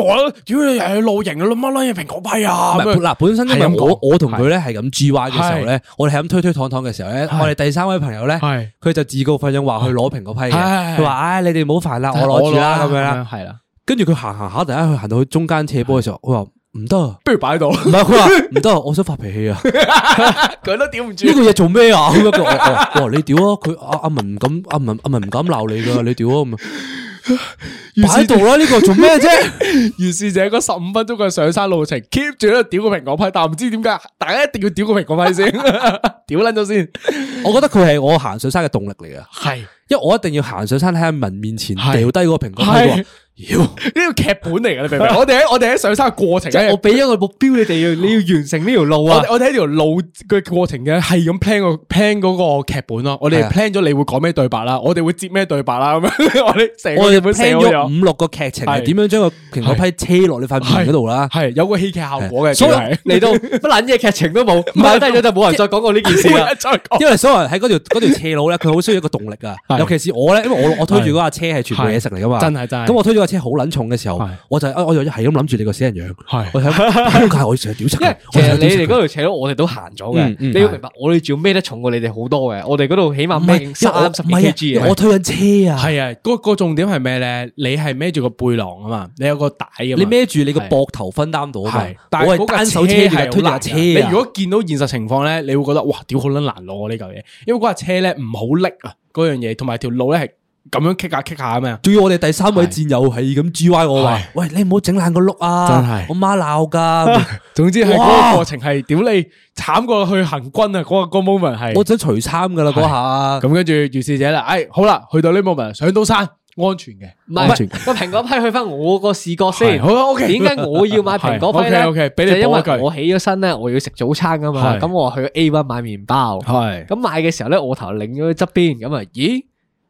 屌你又去露營啦，乜捻嘢蘋果批啊？嗱，本身因為我我同佢咧係咁 G Y 嘅時候咧，我哋係咁推推搪搪嘅時候咧，我哋第三位朋友咧，佢就自告奮勇話去攞蘋果批嘅，佢話唉，你哋唔好煩啦，我攞住啦咁樣啦，係啦，跟住佢行行下，突然間佢行到去中間斜坡嘅時候，佢話。唔得，啊，不如擺喺度。唔係佢話唔得，我想發脾氣啊！佢都屌唔住呢個嘢做咩啊？哇，你屌啊！佢阿阿文唔敢，阿文阿文唔敢鬧你噶，你屌啊！擺喺度啦，呢個做咩啫？於是就係嗰十五分鐘嘅上山路程，keep 住咧屌個蘋果派，但唔知點解，大家一定要屌個蘋果派先，屌撚咗先。我覺得佢係我行上山嘅動力嚟噶，係，因為我一定要行上山喺阿文面前掉低個蘋果派。妖，呢個劇本嚟噶，你明唔明？我哋喺我哋喺上山嘅過程， 我俾咗個目標，你哋要你要完成呢條路啊！我哋喺條路嘅過程嘅係咁 plan 個 plan 個劇本咯。我哋 plan 咗你會講咩對白啦，我哋會接咩對白啦咁樣我寫。我哋成咗五六個劇情，係點是樣將個蘋果批車落呢塊面嗰度啦？係有個戲劇效果嘅，是所以嚟到乜捻嘢劇情都冇，唔係，低咗就冇人再講過呢件事啦。 說因為所有人喺嗰條條斜路咧，佢好需要一個動力噶，尤其是我咧，因為我我，我推住嗰架車係全部嘢食嚟噶嘛，真係真係。咁我推咗。架車好卵重嘅時候，我就我又係咁諗住你個死人樣，我喺點解我要成日屌柒嘅？其實你哋嗰度斜咗，我哋都行咗嘅。你要明白，我哋仲孭得重過你哋好多嘅。我哋嗰度起碼孭三十米。我推緊車啊！係啊，個重點係咩咧？你係孭住個背囊啊嘛，你有個帶啊嘛，你孭住你個膊頭分擔到。但係，我係單手車嚟推架車。你如果見到現實情況咧，你會覺得哇，屌好卵難攞呢嚿嘢，因為嗰架車咧唔好拎啊，嗰樣嘢，同埋條路咧係。咁樣 k 下 k 下咁啊！仲要我哋第三位戰友係咁 g y 我啊！喂，你唔好整爛個碌啊！真係，我媽鬧噶。總之係嗰個過程係屌你慘過去行軍啊！嗰個 moment 係我想除衫噶啦嗰下。咁跟住，如是者啦，哎，好啦，去到呢 moment 上到山，安全嘅，唔安全。個蘋果批去翻我個視角先。好啊，OK。點解我要買蘋果批咧？OK OK，俾你講句。因為我起咗身咧，我要食早餐㗎嘛。咁我去 A 1買麵包。係。咁買嘅時候咧，我頭擰咗去側邊，咁啊，咦？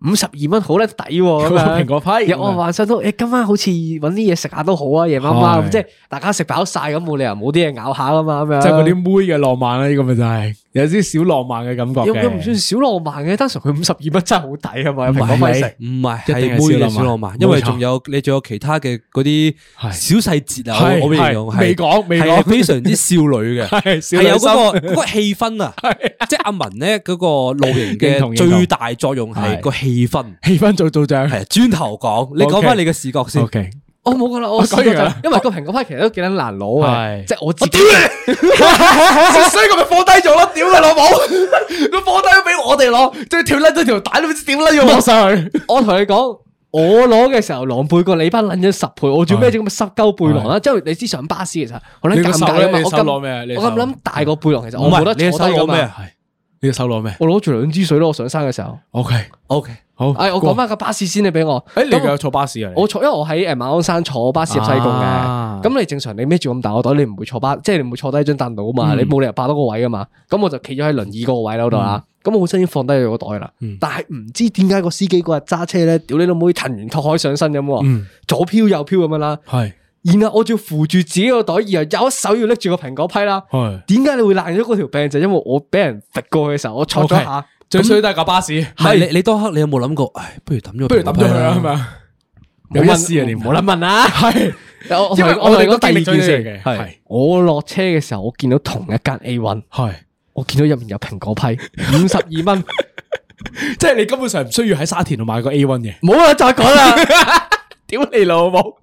五十二蚊好咧抵喎，啊、個蘋果批。嗯、我幻想到、欸，今晚好似揾啲嘢食下都好啊，夜晚晚是即係大家食飽曬咁，冇理由冇啲嘢咬下噶嘛，即係嗰啲妹嘅浪漫啦、啊，呢、呢個咪就係、是。有啲小浪漫嘅感覺，又又唔算小浪漫嘅，當時佢五十二蚊真係好抵啊嘛，唔係唔係，係小浪漫，因為仲有你仲有其他嘅嗰啲小細節啊，我形容係未講未講，非常之少女嘅，係有嗰個嗰個氣氛啊，即係阿文咧嗰個露營嘅最大作用係個氣氛，氣氛做到長，係轉頭講，你講翻你嘅視覺先。Ok。我冇噶啦，我、就是、因為個蘋果派其實都幾捻難攞啊，是 即係我自己，所以佢咪放低咗咯，屌佢老母，佢放低俾我哋攞，即係跳甩咗條帶，你唔知點甩咗上去。 我同你講，我攞嘅時候狼狽過你班捻咗十倍，我做咩做咁濕鳩背囊啦？是 即係你知上巴士嘅時候，難尷尬啊嘛今。我攞咩？我諗大個背囊，其實我冇得攞。你手攞咩？係你嘅手攞咩？我攞住兩支水咯，我上山嘅時候。OK，OK Okay.、okay.。好，誒，我講翻個巴士先，你俾我。誒，你有坐巴士啊？我坐，因為我喺誒馬鞍山坐巴士入西貢嘅。咁你正常，你孭住咁大個袋，你唔會坐巴，即係你唔會坐低張凳度啊嘛，你冇理由霸多個位噶嘛。咁我就企咗喺輪椅嗰個位度啦。咁我本身已經放低佢個袋啦，但係唔知點解個司機嗰日揸車咧，屌你老母，騰完托海上身咁，左飄右飄咁樣啦。係。然後我就扶住自己個袋，然後有一手要拎住個蘋果批啦。係。點解你會爛咗嗰條柄？就因為我俾人拂過去嘅時候，我坐咗下。最衰都係架巴士。係，你你當刻你有冇諗過？唉，不如抌咗佢。不如抌咗佢啦，係咪？冇乜事啊，你唔好諗問啦。係，因為我哋都第二件事嘅。係，我落車嘅時候，我見到同一間 A one。係，我見到入面有蘋果批五十二蚊。即係你根本上唔需要喺沙田度買個 A one 嘅。冇啦，再講啦，屌你老母！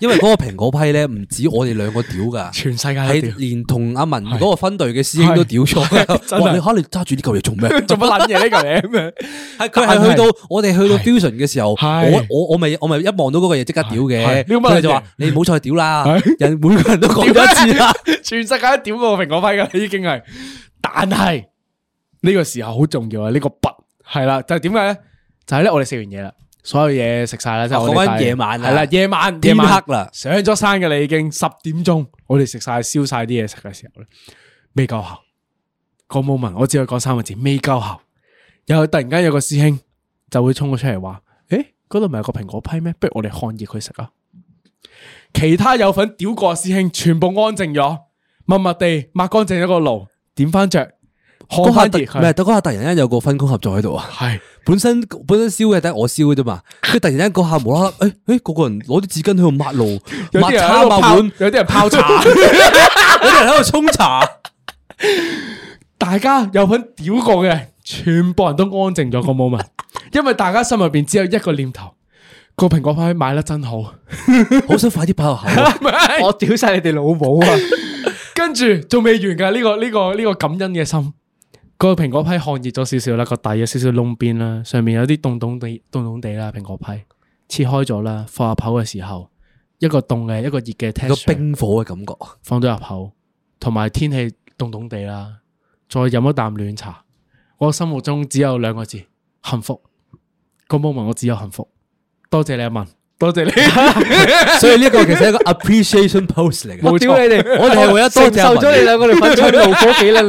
因為嗰個蘋果批咧，唔止我哋兩個屌噶，全世界屌，連同阿文嗰個分隊嘅師兄都屌咗。哇！你吓、啊、你揸住 呢嚿嘢做咩？做乜捻嘢呢嚿嘢？咁樣，係佢係去到我哋去到 fusion 嘅時候，我我我咪我咪一望到嗰個嘢即刻屌嘅，佢就話你唔好再屌啦，是人每個人都講咗一次啦， 全世界都屌過蘋果批噶，已經係。但係呢、這個時候好重要啊！呢、這個筆係啦，就點解咧？就係、是、咧，我哋食完嘢啦。所有嘢食晒啦，就講緊夜晚係啦，夜晚夜晚黑啦，上咗山嘅你已經十點鐘，我哋食晒燒晒啲嘢食嘅時候咧，未夠喉，個 moment 我只可以講三個字，未夠喉。然後突然間有個師兄就會衝咗出嚟話：，誒、欸，嗰度唔係有個蘋果批咩？不如我哋看熱佢食啊！其他有份屌過師兄，全部安靜咗，默默地抹乾淨一個爐，點翻着。嗰下唔係，但嗰下突然間有個分工合作喺度啊！係本身本身燒嘅，得我燒嘅啫嘛。佢突然間嗰下無啦啦，誒誒，個個人攞啲紙巾去抹爐，有啲人喺度泡，有啲人泡茶，有啲人喺度沖茶。大家有份屌過嘅，全部人都安靜咗個 moment，因為大家心入邊只有一個念頭：個蘋果批買得真好，好想快啲擺落口。我屌晒你哋老母啊！跟住仲未完噶，呢個呢個呢個感恩嘅心。個蘋果批看熱咗少少啦，個底有少少窿邊啦，上面有啲凍凍地凍凍地啦，蘋果批切開咗啦，放入口嘅時候一個凍嘅一個熱嘅，個冰火嘅感覺，放咗入口同埋天氣凍凍地啦，再飲一啖暖茶，我心目中只有兩個字幸福。個 moment 我只有幸福，多謝你阿文。多謝你，所以呢個其實係一個 appreciation post 嚟嘅，無屌你哋，我哋係為一多謝文。忍受咗你兩個， 我哋噴出怒火幾耐，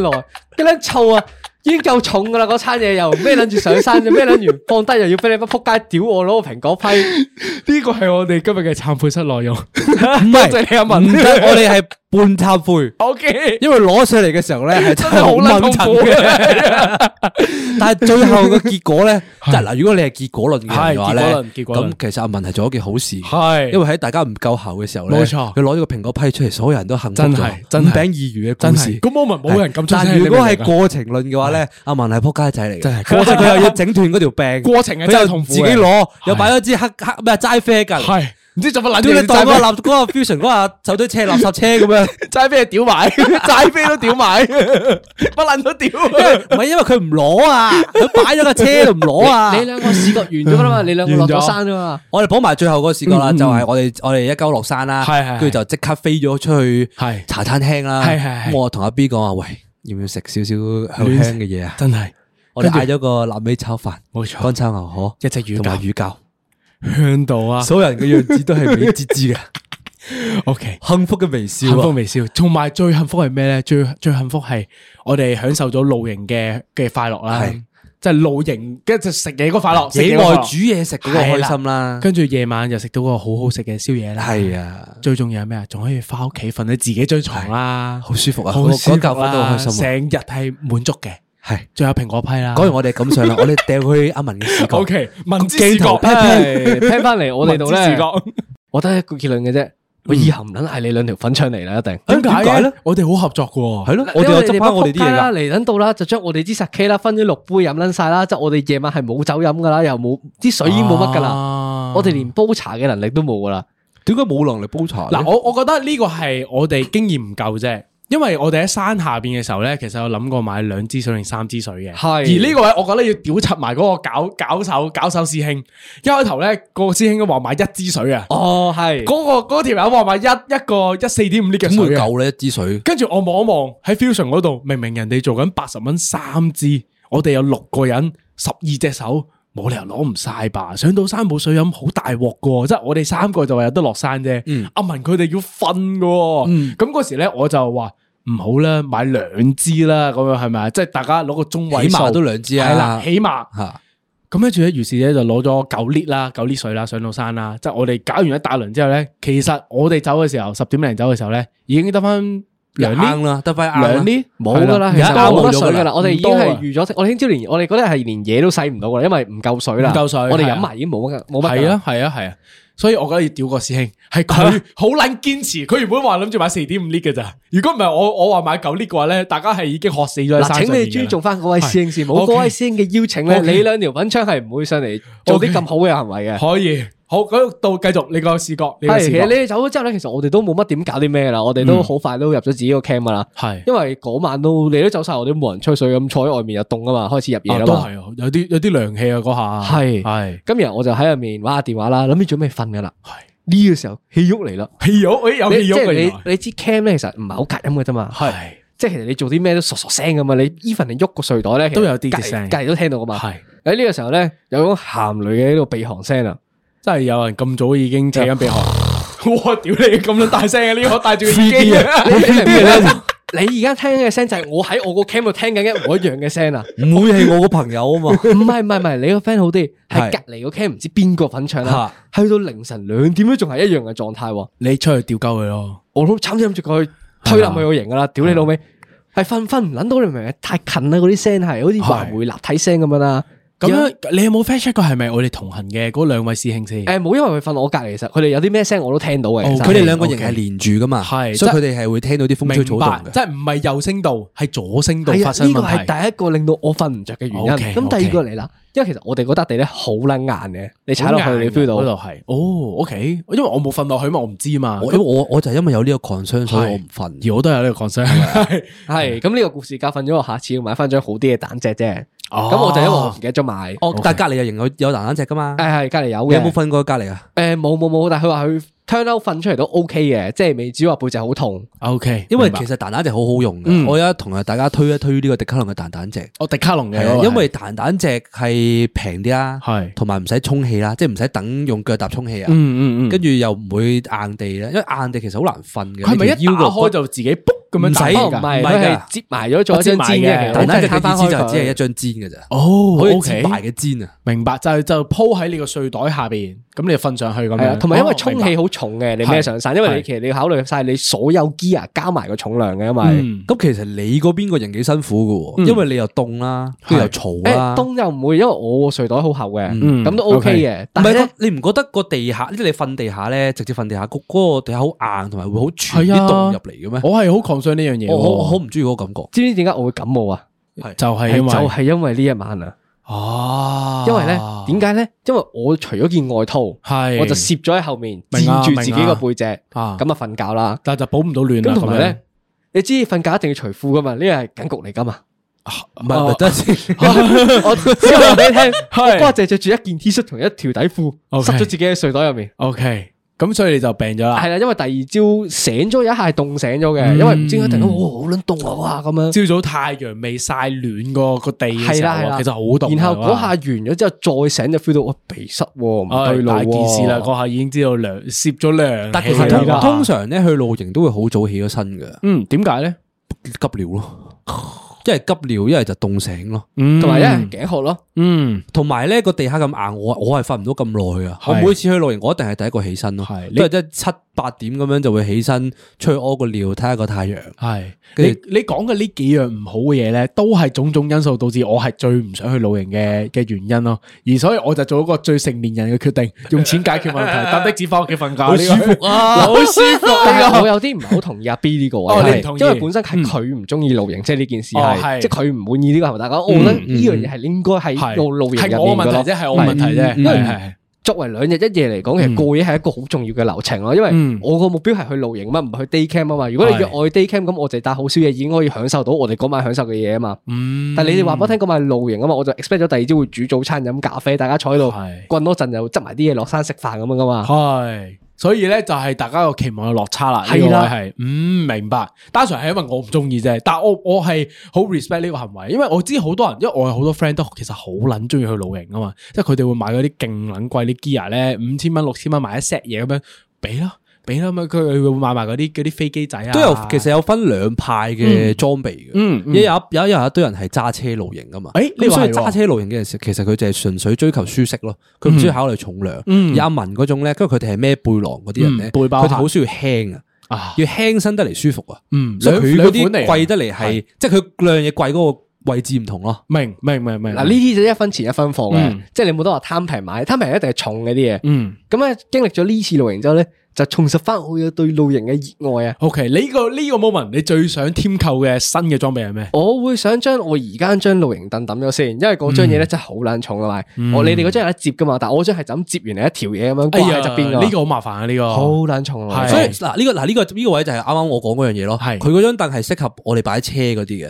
一捻臭啊，已經夠重噶啦！嗰餐嘢，又咩諗住上山，又咩諗完放低，又要俾你乜扑街屌我攞個蘋果批，呢個係我哋今日嘅懺悔室內容。唔係，唔得，我哋係。半攤灰，OK，因為攞上嚟嘅時候咧，係真係好難拆嘅，但係最後嘅結果咧，就嗱，如果你係結果論嘅話咧，咁其實阿文係做一件好事，係，因為喺大家唔夠喉嘅時候咧，冇錯，佢攞咗個蘋果批出嚟，所有人都幸福咗，真係，五餅二魚嘅故事。咁阿文冇人咁，但係如果係過程論嘅話咧，阿文係扑街仔嚟，真係，佢又要整斷嗰條餅，過程係真係痛苦嘅，自己攞又擺咗支黑黑咩齋啡緊，唔知做乜諗，你當嗰個垃嗰個 fusion 嗰個手推車垃圾車咁樣，齋咩屌埋，齋咩都屌埋，乜撚都屌。唔係因為佢唔攞啊，佢擺咗架車就唔攞啊 你。你兩個試過完咗啦嘛、 嗯，你兩個落咗山啦嘛、嗯嗯。我哋補埋最後嗰個試過啦，就係我哋我哋一勾落山啦，跟住就即刻飛咗出去茶餐廳啦。咁我同阿 B 講話，喂，要唔要食少少香香嘅嘢啊？真係，我哋嗌咗個臘味炒飯，乾炒牛河，錯一隻魚，同埋魚餃。向度啊，所有人嘅樣子都係美滋滋嘅。OK，幸福嘅微笑，幸福微笑。同埋最幸福係咩咧？最最幸福係我哋享受咗露營嘅嘅快樂啦，即係露營跟住食嘢個快樂，野外煮嘢食，個開心啦。跟住夜晚又食到個好好食嘅宵夜啦。係啊，最重要係咩啊？仲可以翻屋企瞓喺自己張床啦，好舒服啊，好舒服啦，成日係滿足嘅。係，仲有蘋果批啦。講完我哋咁上啦，我哋掟去阿文嘅視角。O K，文之視角，聽翻嚟，我哋度咧，我得一個結論嘅啫。我以後唔捻嗌你兩條粉腸嚟啦，一定。點解解咧？我哋好合作嘅。係咯，我哋有執返我哋啲嘢噶。嚟緊到啦，就將我哋啲十 K 啦，分咗六杯飲捻晒啦。即係我哋夜晚係冇酒飲噶啦，又冇啲水已經冇乜噶啦。我哋連煲茶嘅能力都冇噶啦。點解冇能力煲茶？嗱，我我覺得呢個係我哋經驗唔夠啫。因為我哋喺山下邊嘅時候咧，其實有諗過買兩支水定三支水嘅。係。是的 而呢個位，我覺得要屌插埋嗰個搞搞手搞手師兄。一開頭咧，個師兄都話買一支水啊。哦，係、那個。嗰個嗰條友話買一一個一四點五呢隻水啊。夠呢一支水。跟住我望一望喺 Fusion 嗰度，明明人哋做緊八十蚊三支，我哋有六個人十二隻手，冇理由攞唔晒吧？上到山冇水飲，好大鑊噶，即係我哋三個就話有得落山啫。嗯。阿文佢哋要瞓噶。嗯。咁嗰時咧，我就話。唔好啦，買兩支啦，咁樣係咪？即係大家攞個中位，起碼都兩支啊。係啦，起碼。咁跟住咧，於是咧就攞咗九 lift 啦，九 lift 水啦，上到山啦。即係我哋搞完一大輪之後咧，其實我哋走嘅時候，十點零走嘅時候咧，已經得翻兩 lift 啦，得翻兩 lift，冇啦，而家冇水噶啦。我哋已經係預咗，我哋聽朝連我哋嗰啲係連嘢都洗唔到噶，因為唔夠水啦。唔夠水，我哋飲埋已經冇乜噶，冇乜。係啊，係啊，係啊。所以我覺得要屌個師兄，係佢好撚堅持。佢原本說說話諗住買四點五 l 嘅咋，如果唔係我我話買九 l 嘅話，大家係已經渴死咗。請你尊重翻嗰位師兄先，冇嗰、okay, 位師兄嘅邀請 okay, 你兩條粉槍係唔會上嚟,做啲咁好嘅行為嘅。Okay, 可以。好，繼續繼續你個視覺系，其實你走咗之後咧，其實我哋都冇乜點搞啲咩啦，我哋都好快都入咗自己個 cam 啦，係，因為嗰晚都你都走晒，我哋冇人吹水咁坐喺外面又凍啊嘛，開始入夜啦，都係有啲有啲涼氣啊嗰下，係係，今日我就喺入面玩下電話啦，諗住準備瞓噶啦，呢個時候氣郁嚟啦，氣郁，哎有氣郁即係你你知 cam 咧其實唔係好隔音嘅啫嘛，係，即係其實你做啲咩都嗦嗦聲噶嘛，你 even 你喐個睡袋咧都有啲聲，隔籬都聽到噶嘛，係，喺呢個時候咧有種鹹淚嘅呢個鼻鼾聲啊。真係有人咁早已經請緊鼻鼾。我屌你咁樣大聲嘅呢個戴住個耳機嘅。你而家聽緊嘅聲就係我喺我個 cam 度聽緊一模一樣嘅聲啊。唔會係我個朋友啊嘛。唔係唔係唔係，你個 friend 好啲，係隔籬個 cam 唔知邊個粉唱啦。喺到凌晨兩點都仲係一樣嘅狀態。你出去吊鳩佢咯。我都慘忍住佢，推冧佢個營噶啦。屌你老味，係瞓瞓唔撚到你明唔明？太近啦，嗰啲聲係好似華為立體聲咁樣啦。咁樣，你有冇 check 過係咪我哋同行嘅嗰兩位師兄先？誒，冇，因為佢瞓我隔籬，其實佢哋有啲咩聲我都聽到嘅。佢哋兩個人係連住噶嘛，係，所以佢哋係會聽到啲風聲草動。即係唔係右聲道，係左聲道發生問題。呢個係第一個令到我瞓唔着嘅原因。咁第二個嚟啦，因為其實我哋嗰笪地咧好撚硬嘅，你踩落去你 feel 到嗰度係。哦，OK，因為我冇瞓落去嘛，我唔知嘛。因為我我就係因為有呢個 concern，所以我唔瞓。而我都有呢個 concern，係。係咁呢個故事教訓咗我下次要買翻張好啲嘅蛋隻啫。咁、哦、我就因為我唔記得咗買，哦、但係隔離又仍有有蛋蛋隻噶嘛。誒係隔離有嘅。有冇瞓過隔離啊？誒冇冇冇，但係佢話佢 turn out 瞓出嚟都 O K 嘅，即係未至於話背脊好痛。OK，因為其實蛋蛋隻好好用嘅。嗯、我而家同大家推一推呢個迪卡龍嘅蛋蛋隻。哦，迪卡龍嘅、啊，因為蛋蛋隻係平啲啦，同埋唔使充氣啦，即係唔使等用腳踏充氣啊。跟住、嗯嗯嗯、又唔會硬地啦，因為硬地其實好難瞓嘅。佢咪一打開就自己。唔使噶，唔係噶，接埋咗一張氈嘅，但等拆翻開就只係一張氈嘅咋。哦，好，可以接埋嘅氈啊，明白就就鋪喺你個睡袋下邊，咁你瞓上去咁樣。係啊，同埋因為充氣好重嘅，你孭上山，因為你其實你要考慮晒你所有 gear 加埋個重量嘅，因為咁其實你嗰邊個人幾辛苦嘅，因為你又凍啦，又嘈啦。凍又唔會，因為我個睡袋好厚嘅，咁都 OK 嘅。但係你唔覺得個地下，呢啲你瞓地下咧，直接瞓地下，嗰嗰個地下好硬，同埋會好傳啲凍入嚟嘅咩？我係好抗傷呢樣嘢，我好唔中意嗰個感覺。知唔知點解我會感冒啊？就係就係因為呢一晚啊，哦，因為呢？點解呢？因為我除咗件外套，係我就攝咗喺後面墊住自己個背脊，咁啊瞓覺啦。但係就保唔到暖。咁同埋呢？你知瞓覺一定要除褲噶嘛？呢個係梗局嚟噶嘛？唔係唔得先，我講俾你聽，我瓜淨着住一件 T 恤同一條底褲，塞咗自己喺睡袋入面。O K。咁所以你就病咗啦？係啦，因為第二朝醒咗，一下凍醒咗嘅，嗯、因為唔知點解突然間，嗯、哇好卵凍啊，哇咁、嗯、樣。朝早太陽未曬暖個個地啊，的其實好凍。的然後嗰下完咗之後再醒就 feel 到哇鼻塞，唔、哎、對路、啊。大件事啦，嗰下已經知道涼攝咗涼。得嘅係啦。通常咧去露營都會好早起咗身嘅。嗯，點解咧？急尿療咯。 一係急尿，一係就凍醒、嗯、咯，同埋咧頸渴咯，嗯，同埋咧個地下咁硬，我我係瞓唔到咁耐啊。的我每次去露營，我一定係第一個起身咯，的都係得七。八點咁樣就會起身出去屙個尿，睇下個太陽，係。你你講嘅呢幾樣唔好嘅嘢咧，都係種種因素導致我係最唔想去露營嘅嘅原因咯。而所以我就做一個最成年人嘅決定，用錢解決問題，搭的士翻屋企瞓覺，好舒服啊，好舒服啊。我有啲唔係好同意阿 B 呢個，因為本身係佢唔中意露營，即係呢件事係，即係佢唔滿意呢個係咪？大家，我覺得呢樣嘢係應該係露露營入邊嘅問題啫，係我問題啫。作為兩日一夜嚟講，其實過夜係一個好重要嘅流程咯。因為我個目標係去露營啊嘛，唔去 day camp 啊嘛。如果你約我去 day camp，咁我哋帶好少嘢，已經可以享受到我哋嗰晚享受嘅嘢啊嘛。嗯、但係你哋話俾我聽嗰晚露營啊嘛，我就 expect 咗第二朝會煮早餐、飲咖啡，大家坐喺度困多陣，又執埋啲嘢落山食飯咁樣噶嘛。所以咧就係大家個期望嘅落差啦，呢是的 個係唔、嗯、明白。單純係因為我唔中意啫，但我我係好 respect 呢個行為，因為我知好多人，因為我有好多 friend 都其實好捻中意去露營啊嘛，即係佢哋會買嗰啲勁捻貴啲 gear 咧，五千蚊六千蚊買一 set 嘢咁樣俾囉。俾啦嘛，佢佢會買埋嗰啲嗰啲飛機仔啊。都有，其實有分兩派嘅裝備嘅。嗯，有一有一有一堆人係揸車露營噶嘛。誒，你話揸車露營嘅人，其實佢就係純粹追求舒適咯。佢唔需要考慮重量。嗯，而阿文嗰種咧，跟住佢哋係咩背囊嗰啲人咧，背包佢派好需要輕啊。啊，要輕身得嚟舒服啊。嗯，所以佢嗰啲貴得嚟係，即係佢量嘢貴嗰個位置唔同咯。明明明明，嗱呢啲就一分錢一分貨嘅，即係你冇得話貪平買，貪平一定係重嗰啲嘢。嗯，咁咧經歷咗呢次露營之後咧。就重拾翻我嘅對露營嘅熱愛啊！OK，呢個呢個 moment，你最想添購嘅新嘅裝備係咩？我會想將我而家張露營凳抌咗先，因為嗰張嘢咧真係好難重啊！嗯、我你哋嗰張有一接噶嘛？但我嗰張係就咁接完嚟一條嘢咁樣掛喺側邊嘅。呢個好麻煩啊！呢、這個好難重是所以嗱，呢、這個嗱呢個呢個位就係啱啱我講嗰樣嘢咯。佢嗰張凳係適合我哋擺車嗰啲嘅。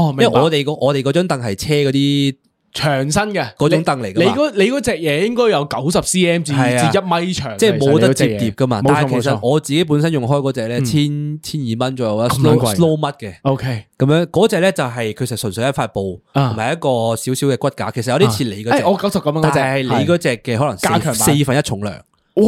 哦、因為我哋我哋嗰張凳係車嗰啲長身嘅嗰種凳嚟，你你嗰隻嘢應該有九十 cm 至至一米長，即係冇得折疊噶嘛。錯但係其實我自己本身用開嗰隻咧，千千二蚊左右啦，slow slow 乜嘅。OK，咁樣嗰隻咧就係、是、佢實純粹一塊布，同埋、啊、一個少少嘅骨架，其實有啲似你嗰隻、啊欸。我九十九蚊，但係你嗰隻嘅可能4，加強版四分一重量。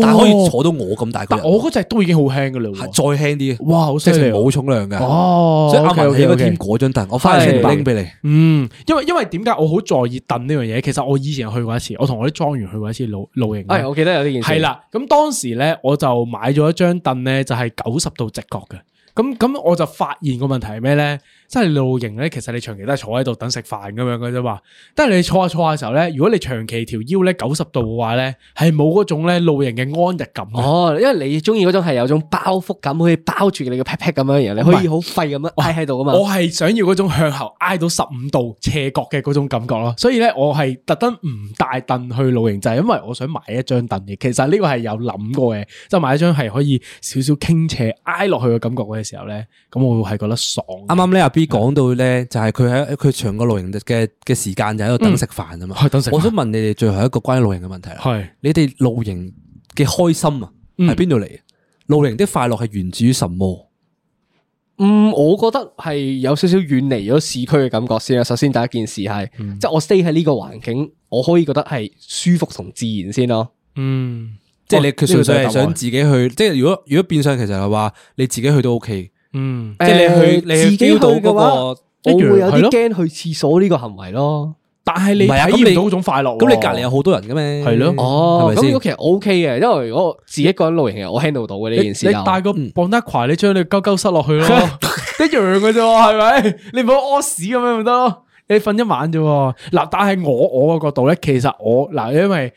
但係可以坐到我咁大個人，但我嗰隻都已經好輕噶啦，係再輕啲，哇，好犀利，冇重量噶，哦，即係啱啱有喺嗰張凳，哦、我翻嚟，拎俾你，嗯，因為因為點解我好在意凳呢樣嘢？其實我以前去過一次，我同我啲莊園去過一次露露營，係、哎，我記得有呢件事，係啦，咁當時咧我就買咗一張凳咧，就係九十度直角嘅，咁咁我就發現個問題係咩咧？真係露營咧，其實你長期都係坐喺度等食飯咁樣嘅啫嘛。但係你坐下坐下嘅時候咧，如果你長期條腰咧九十度嘅話咧，係冇嗰種咧露營嘅安逸感。哦，因為你中意嗰種係有種包覆感，可以包住你嘅 pat pat 咁樣嘅，你可以好廢咁樣挨喺度啊嘛。我係想要嗰種向後挨到十五度斜角嘅嗰種感覺咯。所以咧，我係特登唔帶凳去露營，就係因為我想買一張凳嘅。其實呢個係有諗過嘅，即係買一張係可以少少傾斜挨落去嘅感覺嘅時候咧，咁我係覺得爽。啱啱咧講到咧、嗯，就係佢喺佢長個露營嘅嘅時間就喺度等食飯啊嘛。我想問你哋最後一個關於露營嘅問題是。係你哋露營嘅開心啊，喺邊度嚟？露營的快樂係源自於什麼？嗯，我覺得係有少少遠離咗市區嘅感覺先啦。首先第一件事係，即係、嗯、我 stay 喺呢個環境，我可以覺得係舒服同自然先咯。嗯，即係你佢純粹係想自己去。即係如果如果變相，其實係話你自己去都 OK。嗯，即係你去，呃、你去、那個、自己到嘅話，個，我會有啲驚去廁所呢個行為咯。但係你唔係體驗到嗰種快樂、啊。咁你隔籬有好多人嘅咩？係咯，哦，咁如果其實 O K 嘅，因為如果自己一個人露營，我 handle 到嘅呢件事你。你帶個棒打垮，你將你鳩鳩塞落去咯，一樣嘅啫，係咪？你唔好屙屎咁樣咪得咯。你瞓一晚啫。嗱，但係我我嘅角度咧，其實我嗱，因為。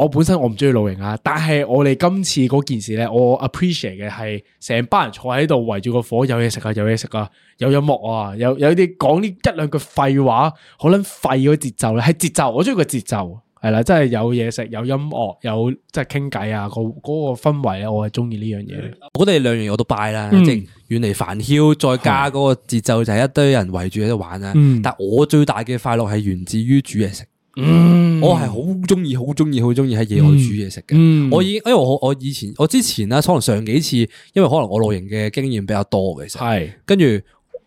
我本身我唔中意露營啊，但係我哋今次嗰件事咧，我 appreciate 嘅係成班人坐喺度圍住個火，有嘢食啊，有嘢食啊，有音樂哇，啊，有有啲講呢一兩句廢話，可能廢咗節奏咧，係節奏，我中意個節奏係啦，真係有嘢食，有音樂，有即係傾偈啊，個嗰個氛圍咧，我係中意呢樣嘢。我哋兩樣嘢我都拜啦，即係遠離繁囂，再加嗰個節奏就係一堆人圍住喺度玩啊。但我最大嘅快樂係源自於煮嘢食。我係好中意，好中意，好中意喺野外煮嘢食嘅。嗯、我已經因為我我以前我之前咧，可能上幾次，因為可能我露營嘅經驗比較多嘅，其實係跟住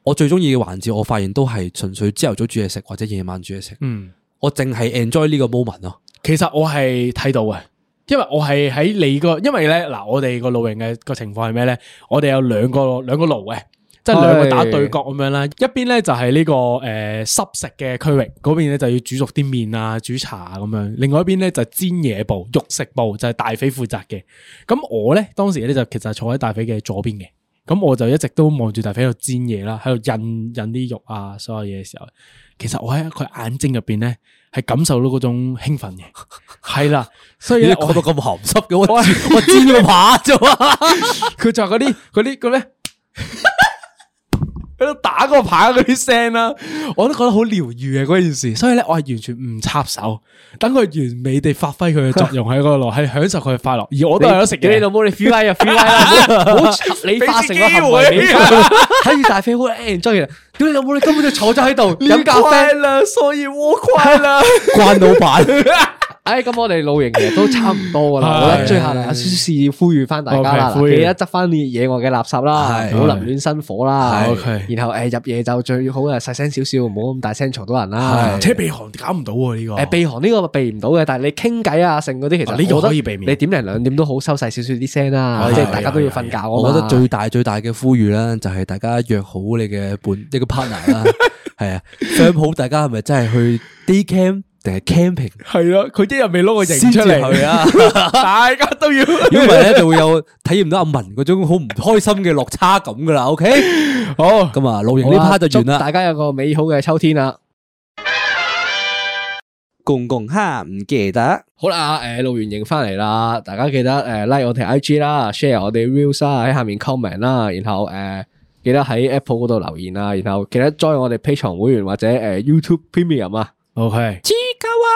我最中意嘅環節，我發現都係純粹朝頭早煮嘢食或者夜晚煮嘢食。嗯，我淨係 enjoy 呢個 moment 咯。其實我係睇到嘅，因為我係喺你個，因為咧嗱，我哋個露營嘅個情況係咩咧？我哋有兩個兩個爐嘅。即係兩個打對角咁樣啦，的一邊咧就係呢、這個誒濕食嘅區域，嗰邊咧就要煮熟啲麵啊、煮茶咁樣；另外一邊咧就係煎嘢部、肉食部就係、是、大肥負責嘅。咁我咧當時咧就其實坐喺大肥嘅左邊嘅，咁我就一直都望住大肥喺度煎嘢啦，喺度印印啲肉啊，所有嘢嘅時候，其實我喺佢眼睛入邊咧係感受到嗰種興奮嘅，係啦。 所以你覺得咁鹹濕嘅，我我煎個扒啫嘛。佢就嗰啲啲嗰咩？ 打個牌嗰啲聲啦，我都覺得好療愈嘅嗰件事，所以咧我係完全唔插手，等佢完美地發揮佢嘅作用喺嗰度，係的享受佢嘅快樂，而我都係食嘢。屌你老母，你 feel 啊好合理化成個行為。睇住大飛，好誒、啊，然之後佢，屌你老母，你根本就坐咗喺度飲咖啡。快樂，所以我快樂。關老闆。 誒，咁我哋露營其實都差唔多噶啦，我覺得最後阿舒士要呼籲翻大家啦，你一執翻啲野外嘅垃圾啦，唔好淋亂生火啦，然後誒，入夜就最好啊細聲少少，唔好咁大聲嘈到人啦，而且鼻鼾搞唔到喎呢個。誒，鼻鼾呢個避唔到嘅，但係你傾偈啊剩嗰啲，其實你可以避免，你點零兩點都好收細少少啲聲啦，即係大家都要瞓覺。我覺得最大最大嘅呼籲咧，就係大家約好你嘅伴一個 partner 啦，係啊，最好大家係咪真係去 day camp 定係 camping，係啊，佢一日未攞個影出嚟去啊！ 大家都要，要，如果唔係咧就會有體驗到阿文嗰種好唔開心嘅落差咁噶啦，OK？好，咁、嗯、啊，露營呢 part 就完啦。祝大家有個美好嘅秋天啦，啊！共共哈唔記得，好啦，誒、呃，露完營翻嚟啦，大家記得誒 like 我哋 IG 啦，share 我哋 vlog 喺下面 comment 啦，然後誒、呃、記得喺 Apple 嗰度留言啦，然後記得 join 我哋 Patreon 會員或者誒 YouTube Premium 啊，OK？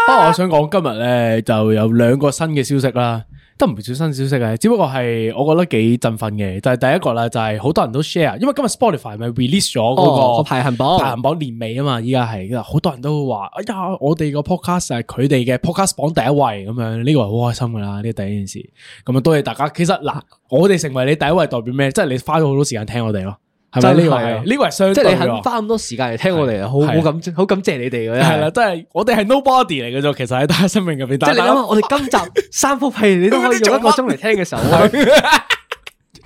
不過、啊、我想講今日咧就有兩個新嘅消息啦，都唔少新消息嘅，只不過係我覺得幾振奮嘅。就係、是、第一個啦，就係好多人都 share，因為今日 Spotify 咪 release 咗嗰，那個、哦、排行榜，排行榜年尾啊嘛，依家係好多人都會話，哎呀，我哋個 podcast 係佢哋嘅 podcast 榜第一位咁樣，呢個係好開心噶啦，呢個第一件事。咁啊，多謝大家。其實嗱，我哋成為你第一位代表咩？即、就、係、是、你花咗好多時間聽我哋咯。就係呢位，呢個相，即係你肯花咁多時間嚟聽我哋啊，好感好感謝你哋嘅。係啦，真係我哋係 nobody 嚟嘅啫。其實喺大家生命入邊，即係你諗，我哋今集三幅被，你都可以用一個鐘嚟聽嘅時候，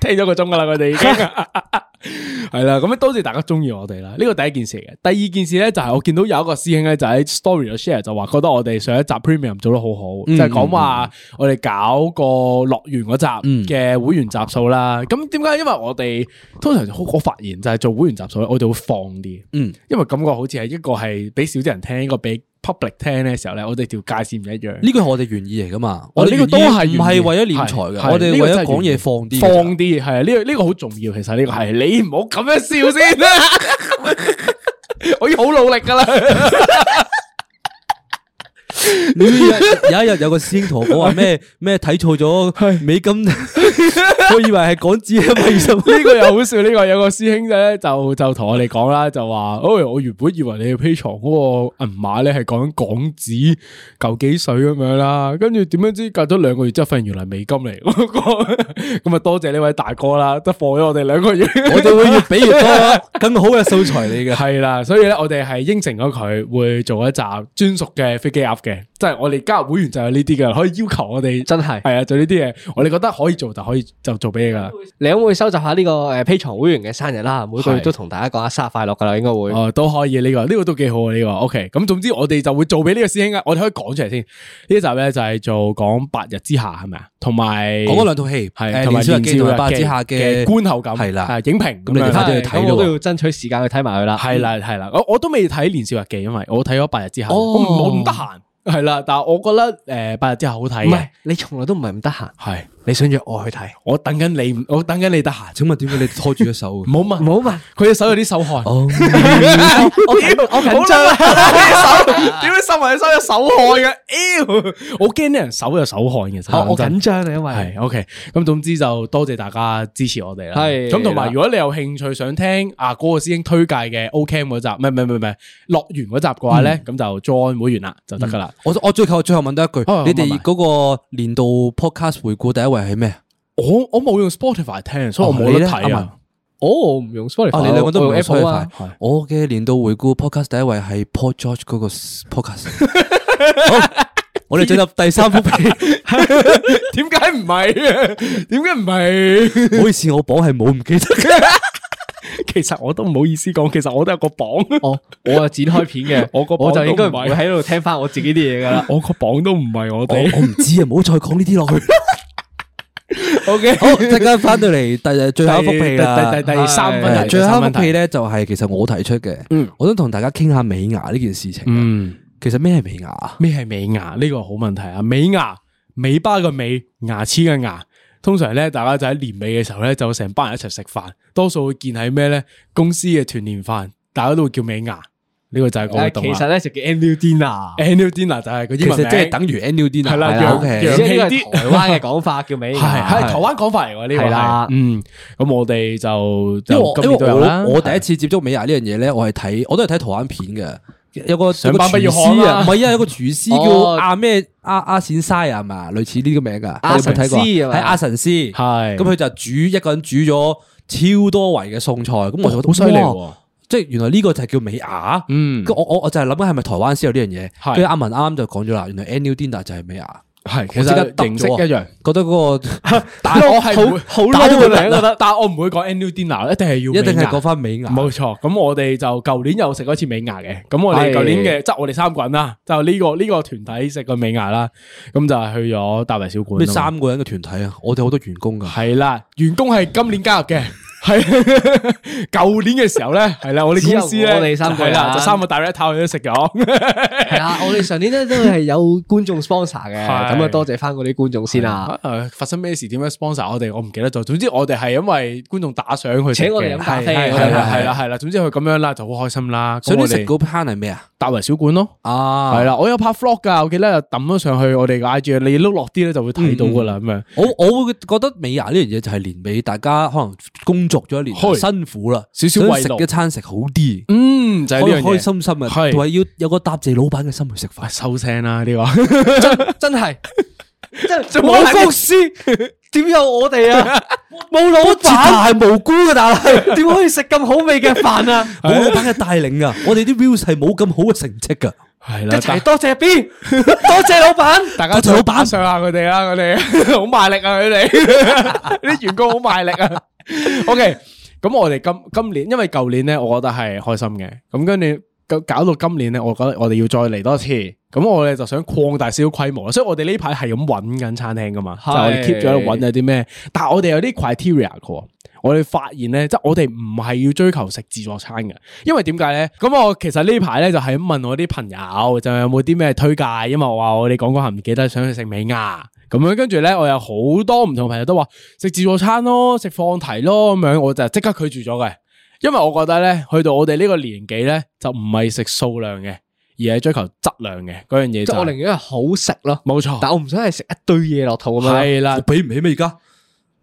聽咗個鐘噶啦，我哋已經。係啦，咁樣 多謝大家中意我哋啦，呢個第一件事嘅。第二件事咧就係我見到有一個師兄咧就喺 story share 就話覺得我哋上一集 premium 做得好好，嗯、就係講話我哋搞個樂園嗰集嘅會員集數啦。咁點解？因為我哋通常好我發言，就係做會員集數，我哋會放啲，嗯，因為感覺好似係一個係俾少啲人聽，一個俾。Public 聽咧時候咧，我哋條界線唔一樣。呢個係我哋原意嚟噶嘛，我哋呢個都係唔係為咗斂財嘅，我哋為咗講嘢放啲，放啲係啊，呢個呢個好重要。其實呢個係是是你唔好咁樣笑先， 我要好努力噶啦。 你有有一日有個師兄同我講話咩咩睇錯咗美金，是 我以為係港紙啊，為什呢個又好笑？呢、這、位、個、有個師兄仔咧就就同我哋講啦，就話：，就我、oh, 我原本以為你 Patreon 嗰個銀碼咧係講港紙舊幾水咁樣啦，跟住點樣知隔咗兩個月之後發現原來美金嚟，咁咪多謝呢位大哥啦，得放咗我哋兩個月，我哋會 越俾越多更好嘅素材你嘅，係啦， 所以咧我哋係應承咗佢會做一集專屬嘅飛機鴨嘅。即係我哋加入會員就有呢啲噶，可以要求我哋真係，係啊，就呢啲嘢，我哋覺得可以做就可以就做俾你噶。你會唔會收集下呢個誒，Patreon 會員嘅生日啦，每個月都同大家講下生日快樂噶啦？應該會哦，都可以，呢個呢個都幾好呢個。OK，咁總之我哋就會做俾呢個師兄啊，我哋可以講出嚟先。呢集咧就係做講《白日之下》係咪啊？同埋講嗰兩套戲同埋《年少日記》同《白日之下》嘅觀後感，係啦，影評咁樣，我都要爭取時間去睇埋佢啦。係啦係啦，我我都未睇《年少日記》，因為我睇咗《白日之下》，我唔唔得閒。係啦，但我覺得誒、呃、八日之後好睇，唔係你從來都唔係咁得閒，你想約我去睇？我等緊你，我等緊你得閒。請問點解你拖住隻手？唔好問，唔好問。佢隻手有啲手汗。我驚，我緊張手，點解收埋隻手有手汗嘅？我驚啲人手有手汗嘅真。我緊張啊，因為係 OK。咁總之就多謝大家支持我哋啦。係咁同埋，如果你有興趣想聽啊嗰個師兄推介嘅 O Camp 嗰集，唔係唔係唔係唔係樂園嗰集嘅話咧，咁就 join 會員啦就得噶啦。我我最後最後問多一句，你哋嗰個年度 podcast 回顧第一位係咩？我我冇用 Spotify 聽，所以我冇得睇啊！我我唔用 Spotify，你兩個都唔用 Spotify。我嘅年度回顧 podcast 第一位係 Paul George 嗰個 podcast。我哋進入第三片，點解唔係？點解唔係？唔好意思，我榜係冇唔記得。其實我都唔好意思講，其實我都有個榜。我我係剪開片嘅，我個我就應該唔會喺度聽翻我自己啲嘢噶啦。我個榜都唔係我哋，我唔知啊！唔好再講呢啲落去。O Okay K，好，即刻翻到嚟第最後一幅片，第第第三個問題，是對最後一幅片咧就係其實我提出嘅，嗯，我想同大家傾下尾牙呢件事情。嗯，其實咩係尾牙啊？咩係尾牙呢，這個好問題啊？尾牙，尾巴個尾，牙齒嘅牙，通常咧大家就喺年尾嘅時候咧就成班人一齊食飯，多數會見喺咩咧？公司嘅團年飯，大家都會叫尾牙。呢個就係嗰其實咧就叫 n e d i n a n e d i n a 就係佢英文名，即係等於 n e d i n a e r 係啦，楊楊希係台灣嘅講法叫美，係台灣講法嚟喎，呢個係啦，嗯，咁我哋就因為我第一次接觸美伢呢樣嘢咧，我係睇我都係睇台灣片嘅，有個有個廚師啊，唔係，有個廚師叫阿咩阿阿冼沙啊，係咪啊？類似呢個名噶，阿神師係阿神師，係咁佢就煮一個人煮咗超多圍嘅餸菜，咁我就覺得好犀利。即係原來呢個就係叫尾牙，嗯，我我我就係諗緊係咪台灣先有呢樣嘢，跟住阿文啱啱就講咗啦，原來 annual dinner 就係尾牙，係，其實形式一樣，覺得嗰個，但我係好，但我唔會講 annual dinner，一定係要，一定係講翻尾牙，冇錯，咁我哋就舊年又食過一次尾牙嘅，咁我哋舊年嘅，即係我哋三個人啦，就呢個呢個團體食個尾牙啦，咁就係去咗大圍小館，三個人嘅團體啊，我哋好多員工噶，係啦，員工係今年加入嘅。係，舊年嘅時候咧，係啦，我哋公司咧，係啦，就三個大粒頭去食嘅，係啦，我哋上年咧都係有觀眾 sponsor 嘅，咁啊多謝翻嗰啲觀眾先啦。誒，發生咩事？點樣 sponsor 我哋？我唔記得咗。總之我哋係因為觀眾打賞去，請我哋飲咖啡。係啦，係啦。總之佢咁樣啦，就好開心啦。上你食 p 嗰攤係咩啊？大圍小館咯。啊，係啦，我有拍 vlog 噶，我記得抌咗上去，我哋嘅 I G 你碌落啲咧就會睇到噶啦。咁樣，我我會覺得美雅呢樣嘢就係連俾大家可能工作咗一年辛苦啦，想食一餐食好啲，嗯，開開心心啊，同埋要有個答謝老闆嘅心去食飯。收聲啦，呢個真真係，真係冇公司點有我哋啊？冇老闆，係無辜嘅，但係點可以食咁好味嘅飯啊？冇老闆嘅帶領啊，我哋啲 views 係冇咁好嘅成績噶，係啦，一齊多謝 B，多謝老闆，大家最好打賞下佢哋啦，佢哋好賣力啊，佢哋啲員工好賣力啊。O K，咁我哋今今年，因為舊年咧，我覺得係開心嘅，咁跟住搞到今年咧，我覺得我哋要再嚟多次，咁我咧就想擴大少少規模，所以我哋呢排係咁揾緊餐廳噶嘛，是就我哋 keep 咗喺度揾有啲咩，但係我哋有啲 criteria 嘅，我哋發現咧，即係我哋唔係要追求食自助餐嘅，因為點解咧？咁我其實呢排咧就係問我啲朋友，就有冇啲咩推介，因為我話我哋講講下唔記得，想去食美亞。咁樣跟住咧，我有好多唔同朋友都話食自助餐咯，食放題咯，咁樣我就即刻拒絕咗嘅，因為我覺得咧，去到我哋呢個年紀咧，就唔係食數量嘅，而係追求質量嘅嗰樣嘢。就是，即係我寧願係好食咯，冇錯，但我唔想係食一堆嘢落肚咁樣。係啦，我畀唔起咩而家？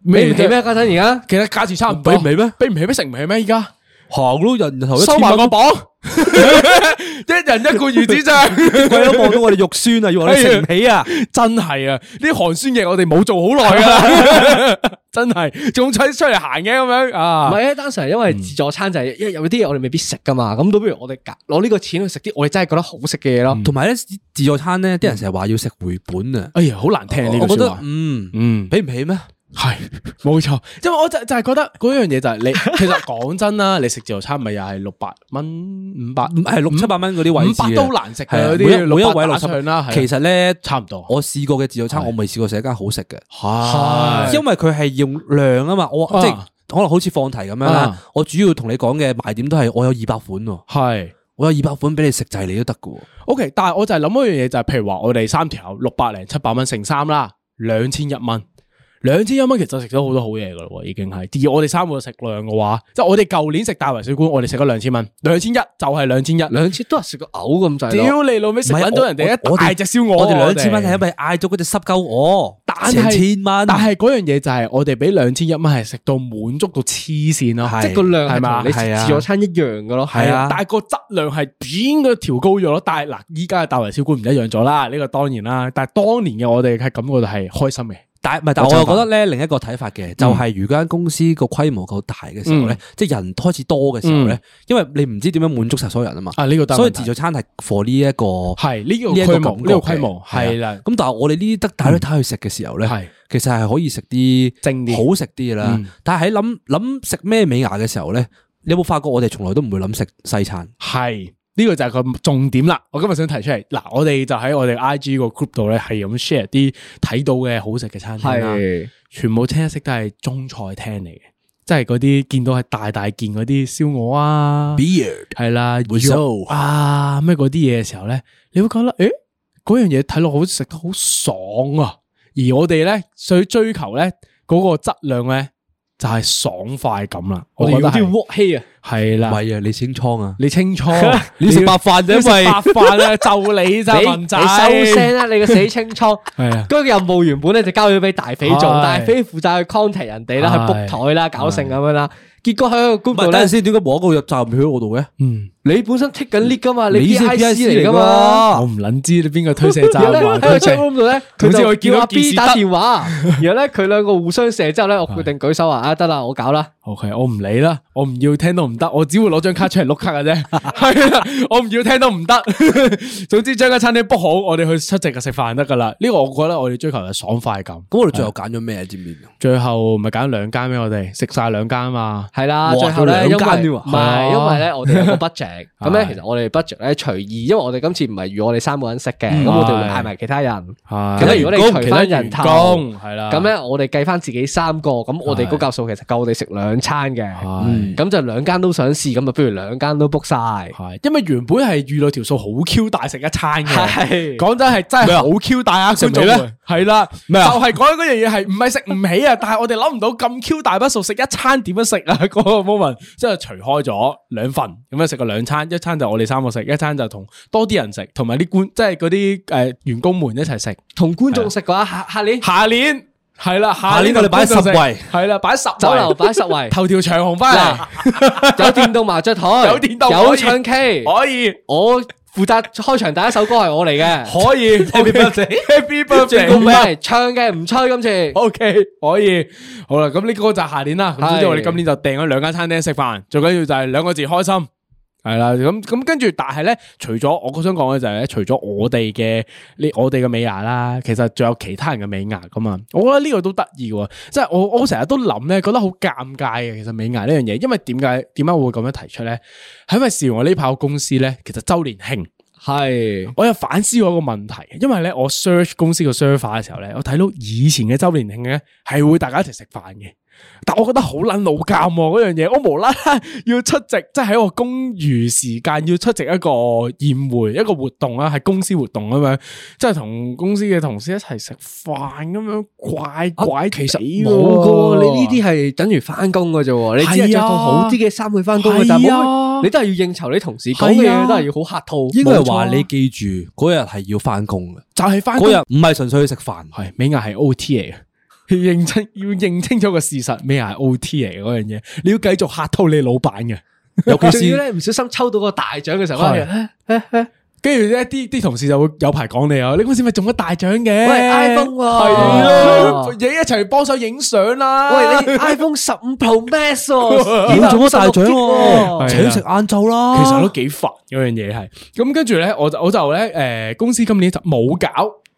畀唔起咩家陣而家？其他價錢差唔多。畀唔起咩？畀唔起咩食唔起咩而家？行咯，路人頭收埋個榜，一 人一個魚子醬，我哋都望到我哋肉酸啊，要我哋食唔起啊，的真係啊，呢寒酸嘢，我哋冇做好耐噶啦，真係仲出出嚟行嘅咁樣啊？唔係 啊，啊單純係因為自助餐就係，因為有啲嘢我哋未必食噶嘛，咁倒不如我哋攞呢個錢去食啲我哋真係覺得好食嘅嘢咯。同埋咧，自助餐咧，啲、嗯、人成日話要食回本啊，哎呀，好難聽呢、啊、個得？嗯嗯，俾唔起咩？係冇錯，因為我就就係覺得嗰樣嘢就係你，其實講真啦，你食自助餐咪又係六百蚊，五百，係六七百蚊嗰啲位置啊，都難食嘅嗰啲，每一位落去啦。其實咧差唔多，我試過嘅自助餐，我未試過食一間好食嘅。係，因為佢係要量啊嘛，我即係可能好似放題咁樣啦。我主要同你講嘅賣點都係我有二百款，係我有二百款俾你食就係你都得㗎。OK，但係我就係諗一樣嘢就係，譬如話我哋三條友六百零七百蚊乘三啦，兩千一蚊。兩千一蚊其實食咗好多好嘢噶咯，已經係而我哋三個食量嘅話，即係我哋舊年食大圍小館，我哋食咗兩千蚊，兩千一就係兩千一，兩 千都係食到嘔咁滯。屌你老味，食穩咗人哋一大隻燒鵝。我哋兩千蚊係因為嗌咗嗰隻濕鳩鵝，打千蚊。但係嗰樣嘢就係我哋俾兩千一蚊係食到滿足到黐線咯，即係個量係嘛，是嗎你自助餐一樣噶咯，係啊，啊啊但係個質量係點嘅調高咗咯。但係嗱，依家嘅大圍小館唔一樣咗啦，呢個當然啦。但係當年嘅我哋係感覺到係開心嘅。但唔係，我又覺得咧另一個睇法嘅，就係、係、如果間公司個規模夠大嘅時候咧，嗯、即係人開始多嘅時候咧，嗯、因為你唔知點樣滿足曬所有人啊嘛。啊，呢、呢個所以自助餐係 for 呢、係、一個呢、呢個規模呢個規模係啦。咁但係我哋呢啲得大堆大去食嘅時候咧，係其實係可以食啲正好食啲啦。嗯、但係喺諗諗食咩美牙嘅時候咧，你有冇發覺我哋從來都唔會諗食西餐係。呢個就係個重點啦！我今日想提出嚟嗱，我哋就喺我哋 I G 個 group 度咧，係咁 share 啲睇到嘅好食嘅餐廳啦，是全部清一色都係中菜廳嚟嘅，即係嗰啲見到係大大件嗰啲燒鵝啊，係啦，肉啊咩嗰啲嘢嘅時候咧，你會覺得誒嗰樣嘢睇落好食得好爽啊，而我哋咧想追求咧嗰個質量咧。就係爽快咁啦，我哋叫卧欺啊，係啦，係啊，你清倉啊，你清倉，你食白飯就因為白飯啊，就你咋，你收聲啦，你個死清倉。嗰個任務原本咧就交咗俾大匪做，大匪負責去 contact 人哋啦，去 book 台啦，搞成咁樣啦，結果喺個官方唔係等陣先，點解冇一個入站去嗰度嘅？你本身 tick 緊呢噶嘛？你 BIS 嚟噶嘛？我唔捻知你邊個推卸站。然後咧喺 office 度咧，佢叫阿 B 打電話。然後咧佢兩個互相射之後咧，我決定舉手話，啊得啦，我搞啦。OK，我唔理啦，我唔要聽都唔得，我只會攞張卡出嚟碌卡嘅啫。係啦，我唔要聽都唔得。總之將間餐廳 book 好，我哋去出席嘅食飯得噶啦。呢個我覺得我哋追求係爽快感。咁我哋最後揀咗咩見面？最後唔係揀兩間咩？我哋食晒兩間嘛？係啦，最後咧因為唔係因為咧我哋個 budget。咁咧，其實我哋 budget 咧隨意，因為我哋今次唔係預我哋三個人食嘅，咁我哋會派埋其他人。係，咁如果你除翻人頭，係啦。咁咧，我哋計翻自己三個，咁我哋嗰嚿數其實夠我哋食兩餐嘅。係，咁就兩間都想試，咁就不如兩間都 book 晒。因為原本係預料條數好 Q 大食一餐嘅。係，講真係真係好 Q 大啊！食咩咧？係啦，唔就係講嗰樣嘢係唔係食唔起啊？但係我哋諗唔到咁 Q 大筆數食一餐點樣食啊？嗰個 moment 即係除開咗兩份，咁樣食個兩。兩餐，一餐就我哋三個食，一餐就同多啲人食，同埋啲官，即係嗰啲誒員工們一齊食。同觀眾食嘅話，下下年下年係啦，下年我哋擺十圍，係啦，擺十酒樓擺十圍，頭條長虹翻，有電動麻雀台，有電動，有唱 K 可以，我負責開場第一首歌係我嚟嘅，可以 Happy Birthday，Happy Birthday，唔係唱嘅唔吹今次，OK 可以，好啦，咁呢個就下年啦，咁總之我哋今年就訂咗兩間餐廳食飯，最緊要就係兩個字開心。係啦，咁咁跟住，但係咧，除咗我想講嘅就係、是、咧，除咗我哋嘅呢，我哋嘅美牙啦，其實仲有其他人嘅美牙噶嘛。我覺得呢個、就是、都得意，即係我我成日都諗咧，覺得好尷尬嘅。其實美牙呢樣嘢，因為點解點解會咁樣提出咧？係因為事我呢排公司咧，其實周年慶係，是我有反思過一個問題，因為咧我 search 公司個 server 嘅時候咧，我睇到以前嘅周年慶咧係會大家一齊食飯嘅。但我覺得好捻老奸嗰樣嘢，我無啦啦要出席，即係喺我公餘時間要出席一個宴會一個活動啦，係公司活動咁樣，即係同公司嘅同事一齊食飯咁樣。怪怪、啊、其實你呢啲係等於翻工噶咋，啊、你只係着套好啲嘅衫去翻工，啊，你都係要應酬你同事，講嘅嘢，都係要好客套。應該話你記住，嗰日係要翻工嘅，就係翻工，嗰日唔係純粹去食飯，係美亞係 O T 嚟嘅。認清，要認清楚個事實咩係 O T 嚟嗰樣嘢，你要繼續嚇到你老闆嘅，尤其是咧唔 小心抽到個大獎嘅時候，跟住咧啲啲同事就會有排講你，你啊！啊你公司咪中咗大獎嘅 iPhone，係咯，一齊幫手影相啦！喂，你 iPhone 十五 Pro Max，點中咗大獎？請食晏晝啦！其實都幾煩嗰樣嘢，係咁，跟住咧，我就我就咧誒，公司今年就冇搞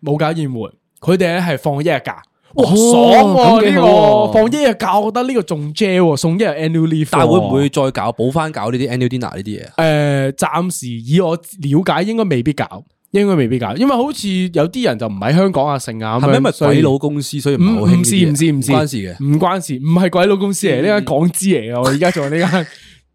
冇搞宴會，佢哋咧係放一日假。哇，爽喎呢個放一日假，我覺得呢個仲 J 送一日 annual leave，但係會唔會再搞補翻，搞呢啲 annual dinner 呢啲嘢？誒，暫時以我了解，應該未必搞，應該未必搞，因為好似有啲人就唔喺香港啊、成啊，係咪咪鬼佬公司，所以唔唔知唔知唔知，唔關事嘅，唔關事，唔係鬼佬公司嚟，呢間港資嚟啊！我而家做呢間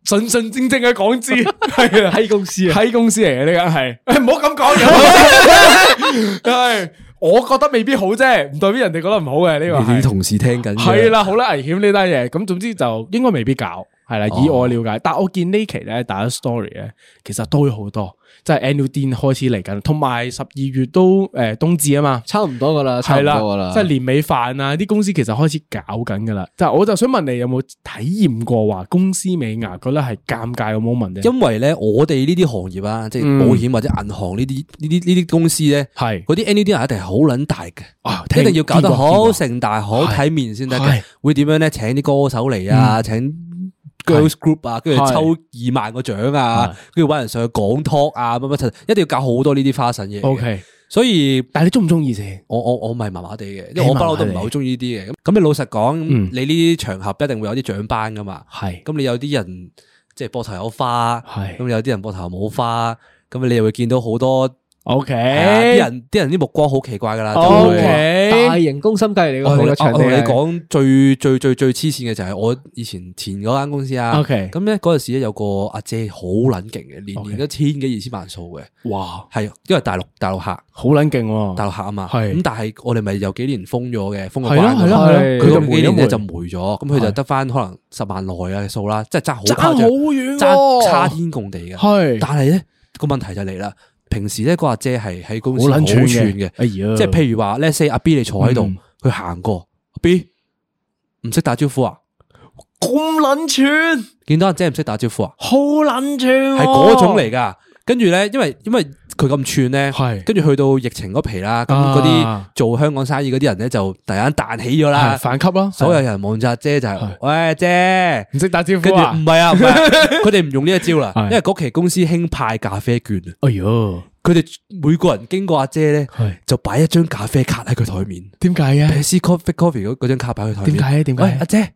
純純正正嘅港資，係啊，係公司，係公司嚟嘅呢間係，唔好咁講嘢。我覺得未必好啫，唔代表人哋覺得唔好嘅呢個。你啲同事聽緊，係啦，好啦，危險呢單嘢，咁總之就應該未必搞。係啦，以我了解，但係我見呢期咧，大家 story 咧，其實都有好多，即係 annual dinner 開始嚟緊，同埋十二月都誒冬至啊嘛，差唔多噶啦，差唔多噶啦，係啦，即係年尾飯啊，啲公司其實開始搞緊噶啦。就我就想問你，有冇體驗過話公司尾牙覺得係尷尬嘅 moment？因為咧，我哋呢啲行業啊，即係保險或者銀行呢啲呢啲呢啲公司咧，係嗰啲 annual dinner 係一定係好撚大嘅，一定要搞得好盛大、好體面先得，會點樣咧？請啲歌手嚟啊，請 girls group 啊是，跟住抽二萬個獎啊，跟住揾人上去講 talk 啊，乜乜柒，一定要搞好多呢啲花神嘢。O Okay , K，所以但係你中唔中意啫？我我我咪麻麻地嘅，因為我不嬲起碼 都唔係好中意呢啲嘅。咁咁、嗯、你老實講，你呢啲場合一定會有啲獎班噶嘛。係是。咁你有啲人即係膊頭有花，係是。咁有啲人膊頭冇花，咁是你又會見到好多。O K，啲人啲人啲目光好奇怪，噶啦大型攻心計，嚟。我同你講，最最最最黐線嘅就係我以前前嗰間公司啊，O K，咁咧嗰陣時咧有個阿姐好卵勁嘅，年年都千幾二千萬數嘅，哇，係因為大陸大陸客，好卵勁喎，大陸客啊嘛，咁但係我哋咪有幾年封咗嘅，封咗半年，係啦係啦係啦，佢咧就霉咗，咁佢就得翻可能十萬內嘅數啦，即係差好誇張，差好遠，差天共地嘅，但係咧個問題就嚟啦。平時咧，嗰阿姐係喺公司好串嘅，哎、即係譬如話，let's say 阿 B 你坐喺度，佢行、嗯、過，阿 B 唔識打招呼啊，咁捻串，見到阿姐唔識打招呼冷啊，好捻串，係嗰種嚟噶，跟住咧，因為因為。佢咁串咧，跟住去到疫情嗰皮啦，咁嗰啲做香港生意嗰啲人咧就突然間彈起咗啦，反級咯，所有人望住阿姐就係，喂，阿姐唔識打招呼，跟住唔係啊，唔係，佢哋唔用呢個招啦，因為嗰期公司興派咖啡券，哎喲，佢哋每個人經過阿姐咧，就擺一張咖啡卡喺佢台面，點解啊？Pacific Coffee 嗰嗰張卡擺喺佢台面，點解啊？點解？喂，阿姐，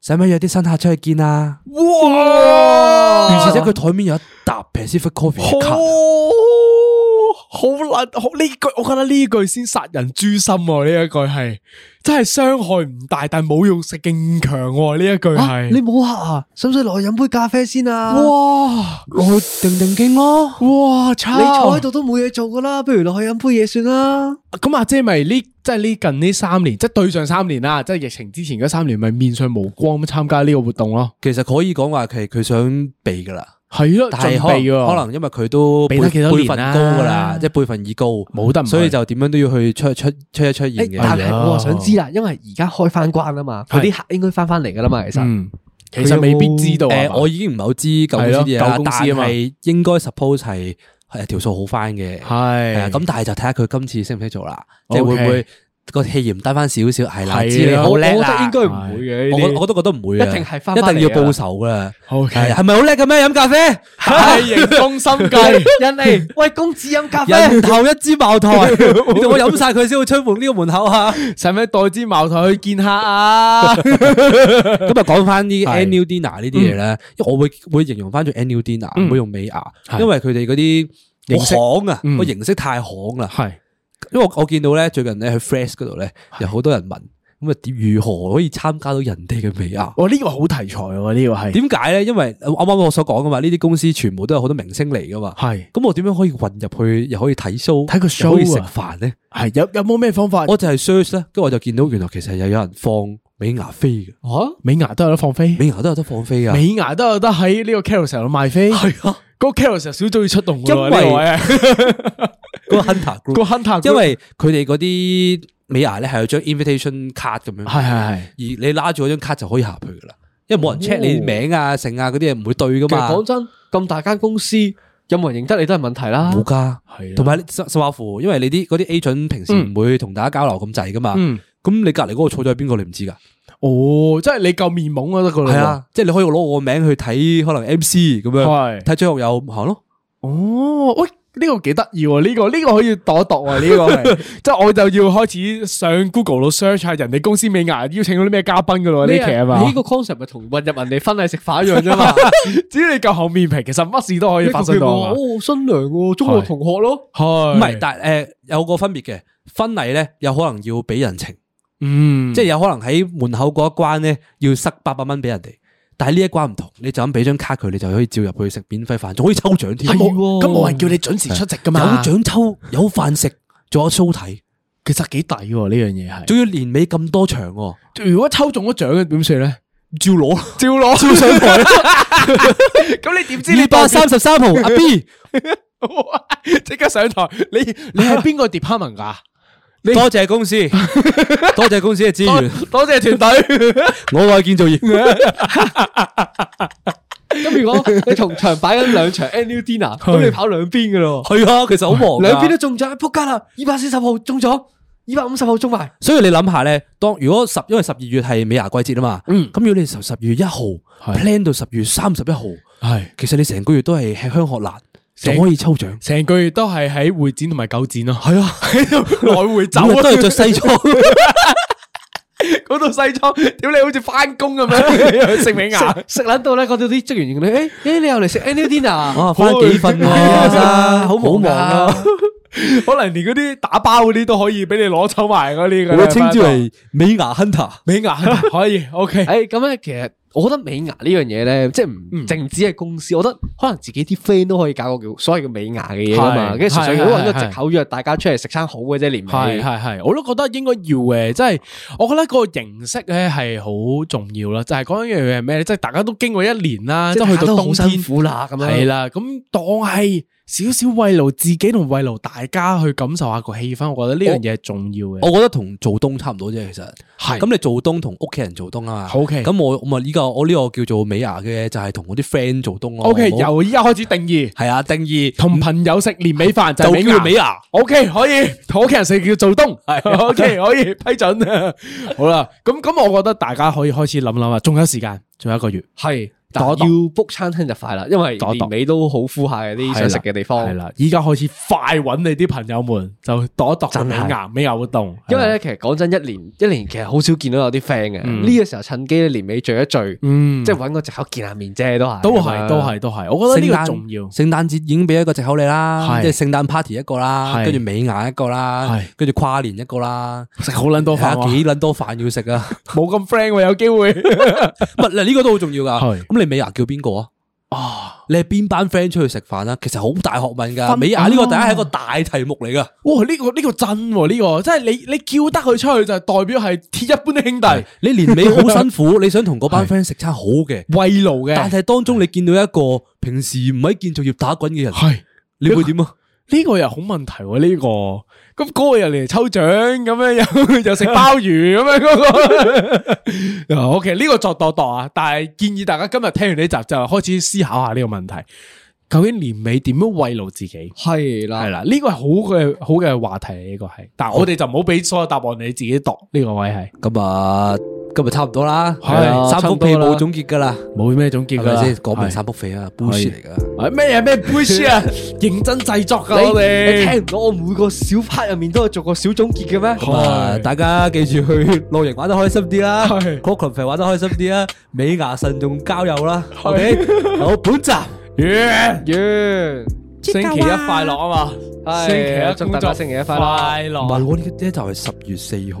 使唔使約啲新客出去見啊？哇，而且佢台面有一沓 Pacific Coffee 卡。好難，好呢句，我覺得呢句先殺人誅心啊！呢一句係真係傷害唔大，但係侮辱性勁強啊！呢一句係你冇吓啊，使唔使落去飲杯咖啡先啊？哇，落去定定經咯！哇，你坐喺度都冇嘢做噶啦，不如落去飲杯嘢算啦。咁阿、啊、姐咪呢？即係呢近呢三年，即係對上三年啦，即係疫情之前嗰三年，咪面上無光咁參加呢個活動咯。其實可以講話，佢佢想避噶啦。係咯，但係可可能，因為佢都幾多輩份高噶啦，即係輩份已高，冇得，所以就點樣都要去出出出一出現嘅。誒，但係我想知啦，因為而家開翻關啊嘛，佢啲客應該翻翻嚟噶啦嘛，其實其實未必知道。誒，我已經唔係好知舊啲嘢，舊公司啊嘛，應該 suppose 係係條數好翻嘅，係咁，但係就睇下佢今次識唔識做啦，即係會唔會？個氣焰低翻少少，係啦，知你好叻啦，我覺得應該唔會嘅，我我都覺得唔會，一定係翻，一定要報仇噶啦，OK，係咪好叻嘅咩？飲咖啡，係明心計，人哋喂公子飲咖啡，人頭一支茅台，我飲晒佢先會出門呢個門口啊。使唔使代支茅台去見客啊？咁啊，講翻啲 annual dinner 呢啲嘢咧，因為我會會形容翻做 annual dinner，唔會用尾牙，因為佢哋嗰啲，你巷啊，個形式太行啦，係。因為我我見到咧最近咧喺 Fresh 嗰度咧有好多人問，咁啊點如何可以參加到人哋嘅美牙？哦，呢個好題材喎，呢個係點解咧？因為啱啱我所講噶嘛，呢啲公司全部都有好多明星嚟噶嘛。係咁的我點樣可以混入去又可以睇 show 睇個 show 啊食飯咧？係有有冇咩方法？我就係 search 咧，跟住我就見到原來其實又有人放美牙飛嘅。吓，美牙都有得放飛，美牙都有得放飛啊！美牙都有得喺呢個 Carousell 度賣飛。係啊，個 Carousell 小組要出動嘅。因為。 個 hunter group， 因為佢哋嗰啲美牙咧係有張 invitation 卡咁樣，係係係，而你拉住嗰張卡就可以下去噶啦，因為冇人 check 你名啊、姓啊嗰啲嘢唔會對噶嘛。其實講真，咁大間公司有冇人認得你都係問題啦、啊。冇噶加，係的。同埋新華符，因為你啲啲 agent 平時唔會同大家交流咁滯噶嘛。咁、嗯、你隔籬嗰個坐咗係邊個你唔知噶？哦，即係你夠面懵啊得個係啊，即係你可以攞我個名去睇可能 MC 咁樣，睇張的的學友行咯。哦，喂、哦。呢個幾得意喎，呢、這個呢、這個可以度一度喎，呢、 這個即係 我就要開始上 Google 度 search 下人哋公司美顏邀請咗啲咩嘉賓噶咯，呢是期啊嘛。呢個 concept 咪同混入人哋婚禮食飯一樣啫嘛，只要你夠厚面皮，其實乜事都可以發生到啊、哦。新娘嘅、哦、中學同學咯，唔係，但係誒、呃、有個分別嘅婚禮咧，有可能要俾人情，嗯，即係有可能喺門口嗰一關咧要塞八百蚊俾人哋。但係呢一關唔同，你就咁俾張卡佢，你就可以照入去食免費飯，仲可以抽獎添。係，咁冇人叫你準時出席噶嘛？有獎抽，有飯食，仲有 show 睇，其實幾抵喎呢樣嘢係。仲要年尾咁多場，如果抽中咗獎嘅，點算咧？照攞，照攞，照上台。咁你點知二百三十三號阿 B，即刻上台。你你係邊個 department 噶？多謝公司，你 多謝公司嘅資源，多謝團隊。我愛建造業。咁今次我你同場擺緊兩場 annual dinner，咁你跑兩邊噶咯？係啊，其實好忙，兩邊都中咗，仆街啦！二百四十號中咗，二百五十號中埋。所以你諗下咧，當如果十因為十二月係尾牙季節啊嘛，嗯，咁如果你十十二月一號 plan 到十月三十一號，係是，其實你成個月都係吃香喝辣。仲成可以抽獎，成個月都係喺會展同埋九展咯。係啊，喺度來回走，都係着西裝。嗰套西裝，屌你好似翻工咁樣。食美牙，食捻到咧，嗰度啲職員咧，誒、欸、誒，你又嚟食？annual dinner，我翻幾份喎、啊 啊，好忙啊， 忙啊 可能連嗰啲打包嗰啲都可以俾你攞走埋嗰啲。好我稱之為美牙 hunter，美牙 hunter，可以，OK。誒、 哎，咁咧，其實。我覺得美牙呢樣嘢咧，即係唔淨止係公司，嗯、我覺得可能自己啲 friend 都可以搞個叫所謂嘅美牙嘅嘢啊嘛，跟住純粹揾個藉口約大家出嚟食餐好嘅啫，年尾。係係我都覺得應該要嘅，即係我覺得個形式咧係好重要啦，就係講一樣嘢係咩咧，即係大家都經過一年啦，即係是去到冬天大家都辛苦辣咁樣。係啦，咁當係。少少慰勞自己同慰勞大家去感受下個氣氛，我覺得呢樣嘢係重要嘅。我覺得同做東差唔多啫，其實係。咁是你做東同屋企人做東啊嘛？O K。咁 Okay. 我我咪呢個我呢個叫做美牙嘅，就係、是、同我啲 friend 做東咯。O Okay , K，由依家開始定義，係啊，定義同朋友食年尾飯、就是、就叫美牙。O、okay, K，可以同屋企人食叫做做東，係 O K，可以, 可以,可以批准。 好啦，咁咁，我覺得大家可以開始諗諗啦。仲有時間，仲有一個月，係是。要 book 餐廳就快啦，因為年尾都好呼下嗰啲想食嘅地方。係啦，依家開始快揾你啲朋友們，就度一度就係尾牙尾牙活動，因為咧其實講真，一年一年其實好少見到有啲 friend 嘅。呢個時候趁機年尾聚一聚，即係揾個借口見下面啫都係。都係都係都係，我覺得呢個重要。聖誕節已經俾一個借口你啦，即係聖誕 party 一個啦，跟住尾牙一個啦，跟住跨年一個啦，食好捻多飯。幾捻多飯要食啊？冇咁 friend 喎，有機會。唔係，呢個都好重要噶。尾牙叫邊個啊？啊，你係邊班 friend 出去食飯啊？其實好大學問噶，嗯、尾牙呢個大家係一個大題目嚟噶。哇，呢、這個呢、這個真呢、啊這個，即係你你叫得佢出去就代表係鐵一般的兄弟。你年尾好辛苦， 你想同嗰班 friend 食餐好嘅慰勞嘅，但係當中你見到一個平時唔喺建造業打滾嘅人，係的你會點啊？這個 呢個又好問題喎，呢個咁嗰個又嚟，抽獎咁樣又又食鮑魚咁樣嗰個，Ok，呢個作度度啊，但係建議大家今日聽完呢集就開始思考下呢個問題，究竟年尾點樣慰勞自己？係啦係啦，呢個係好嘅、好嘅話題呢個係，但係我哋就唔好俾所有答案你自己度呢個位係咁啊。今日差唔多啦，三幅被冇總結噶啦，冇咩總結噶先講埋三幅被啊，push 嚟噶，咩啊咩 push 啊，認真製作噶我哋，你聽唔到我每個小 part 入面都有做個小總結嘅咩？咁啊，大家記住去露營玩得開心啲啦，Clockenflap 玩得開心啲啦，美牙慎重交友啦，OK，好，本集完，完，星期一快樂啊嘛，星期一祝大家星期一快樂，唔係我呢個 date 就係十月四號。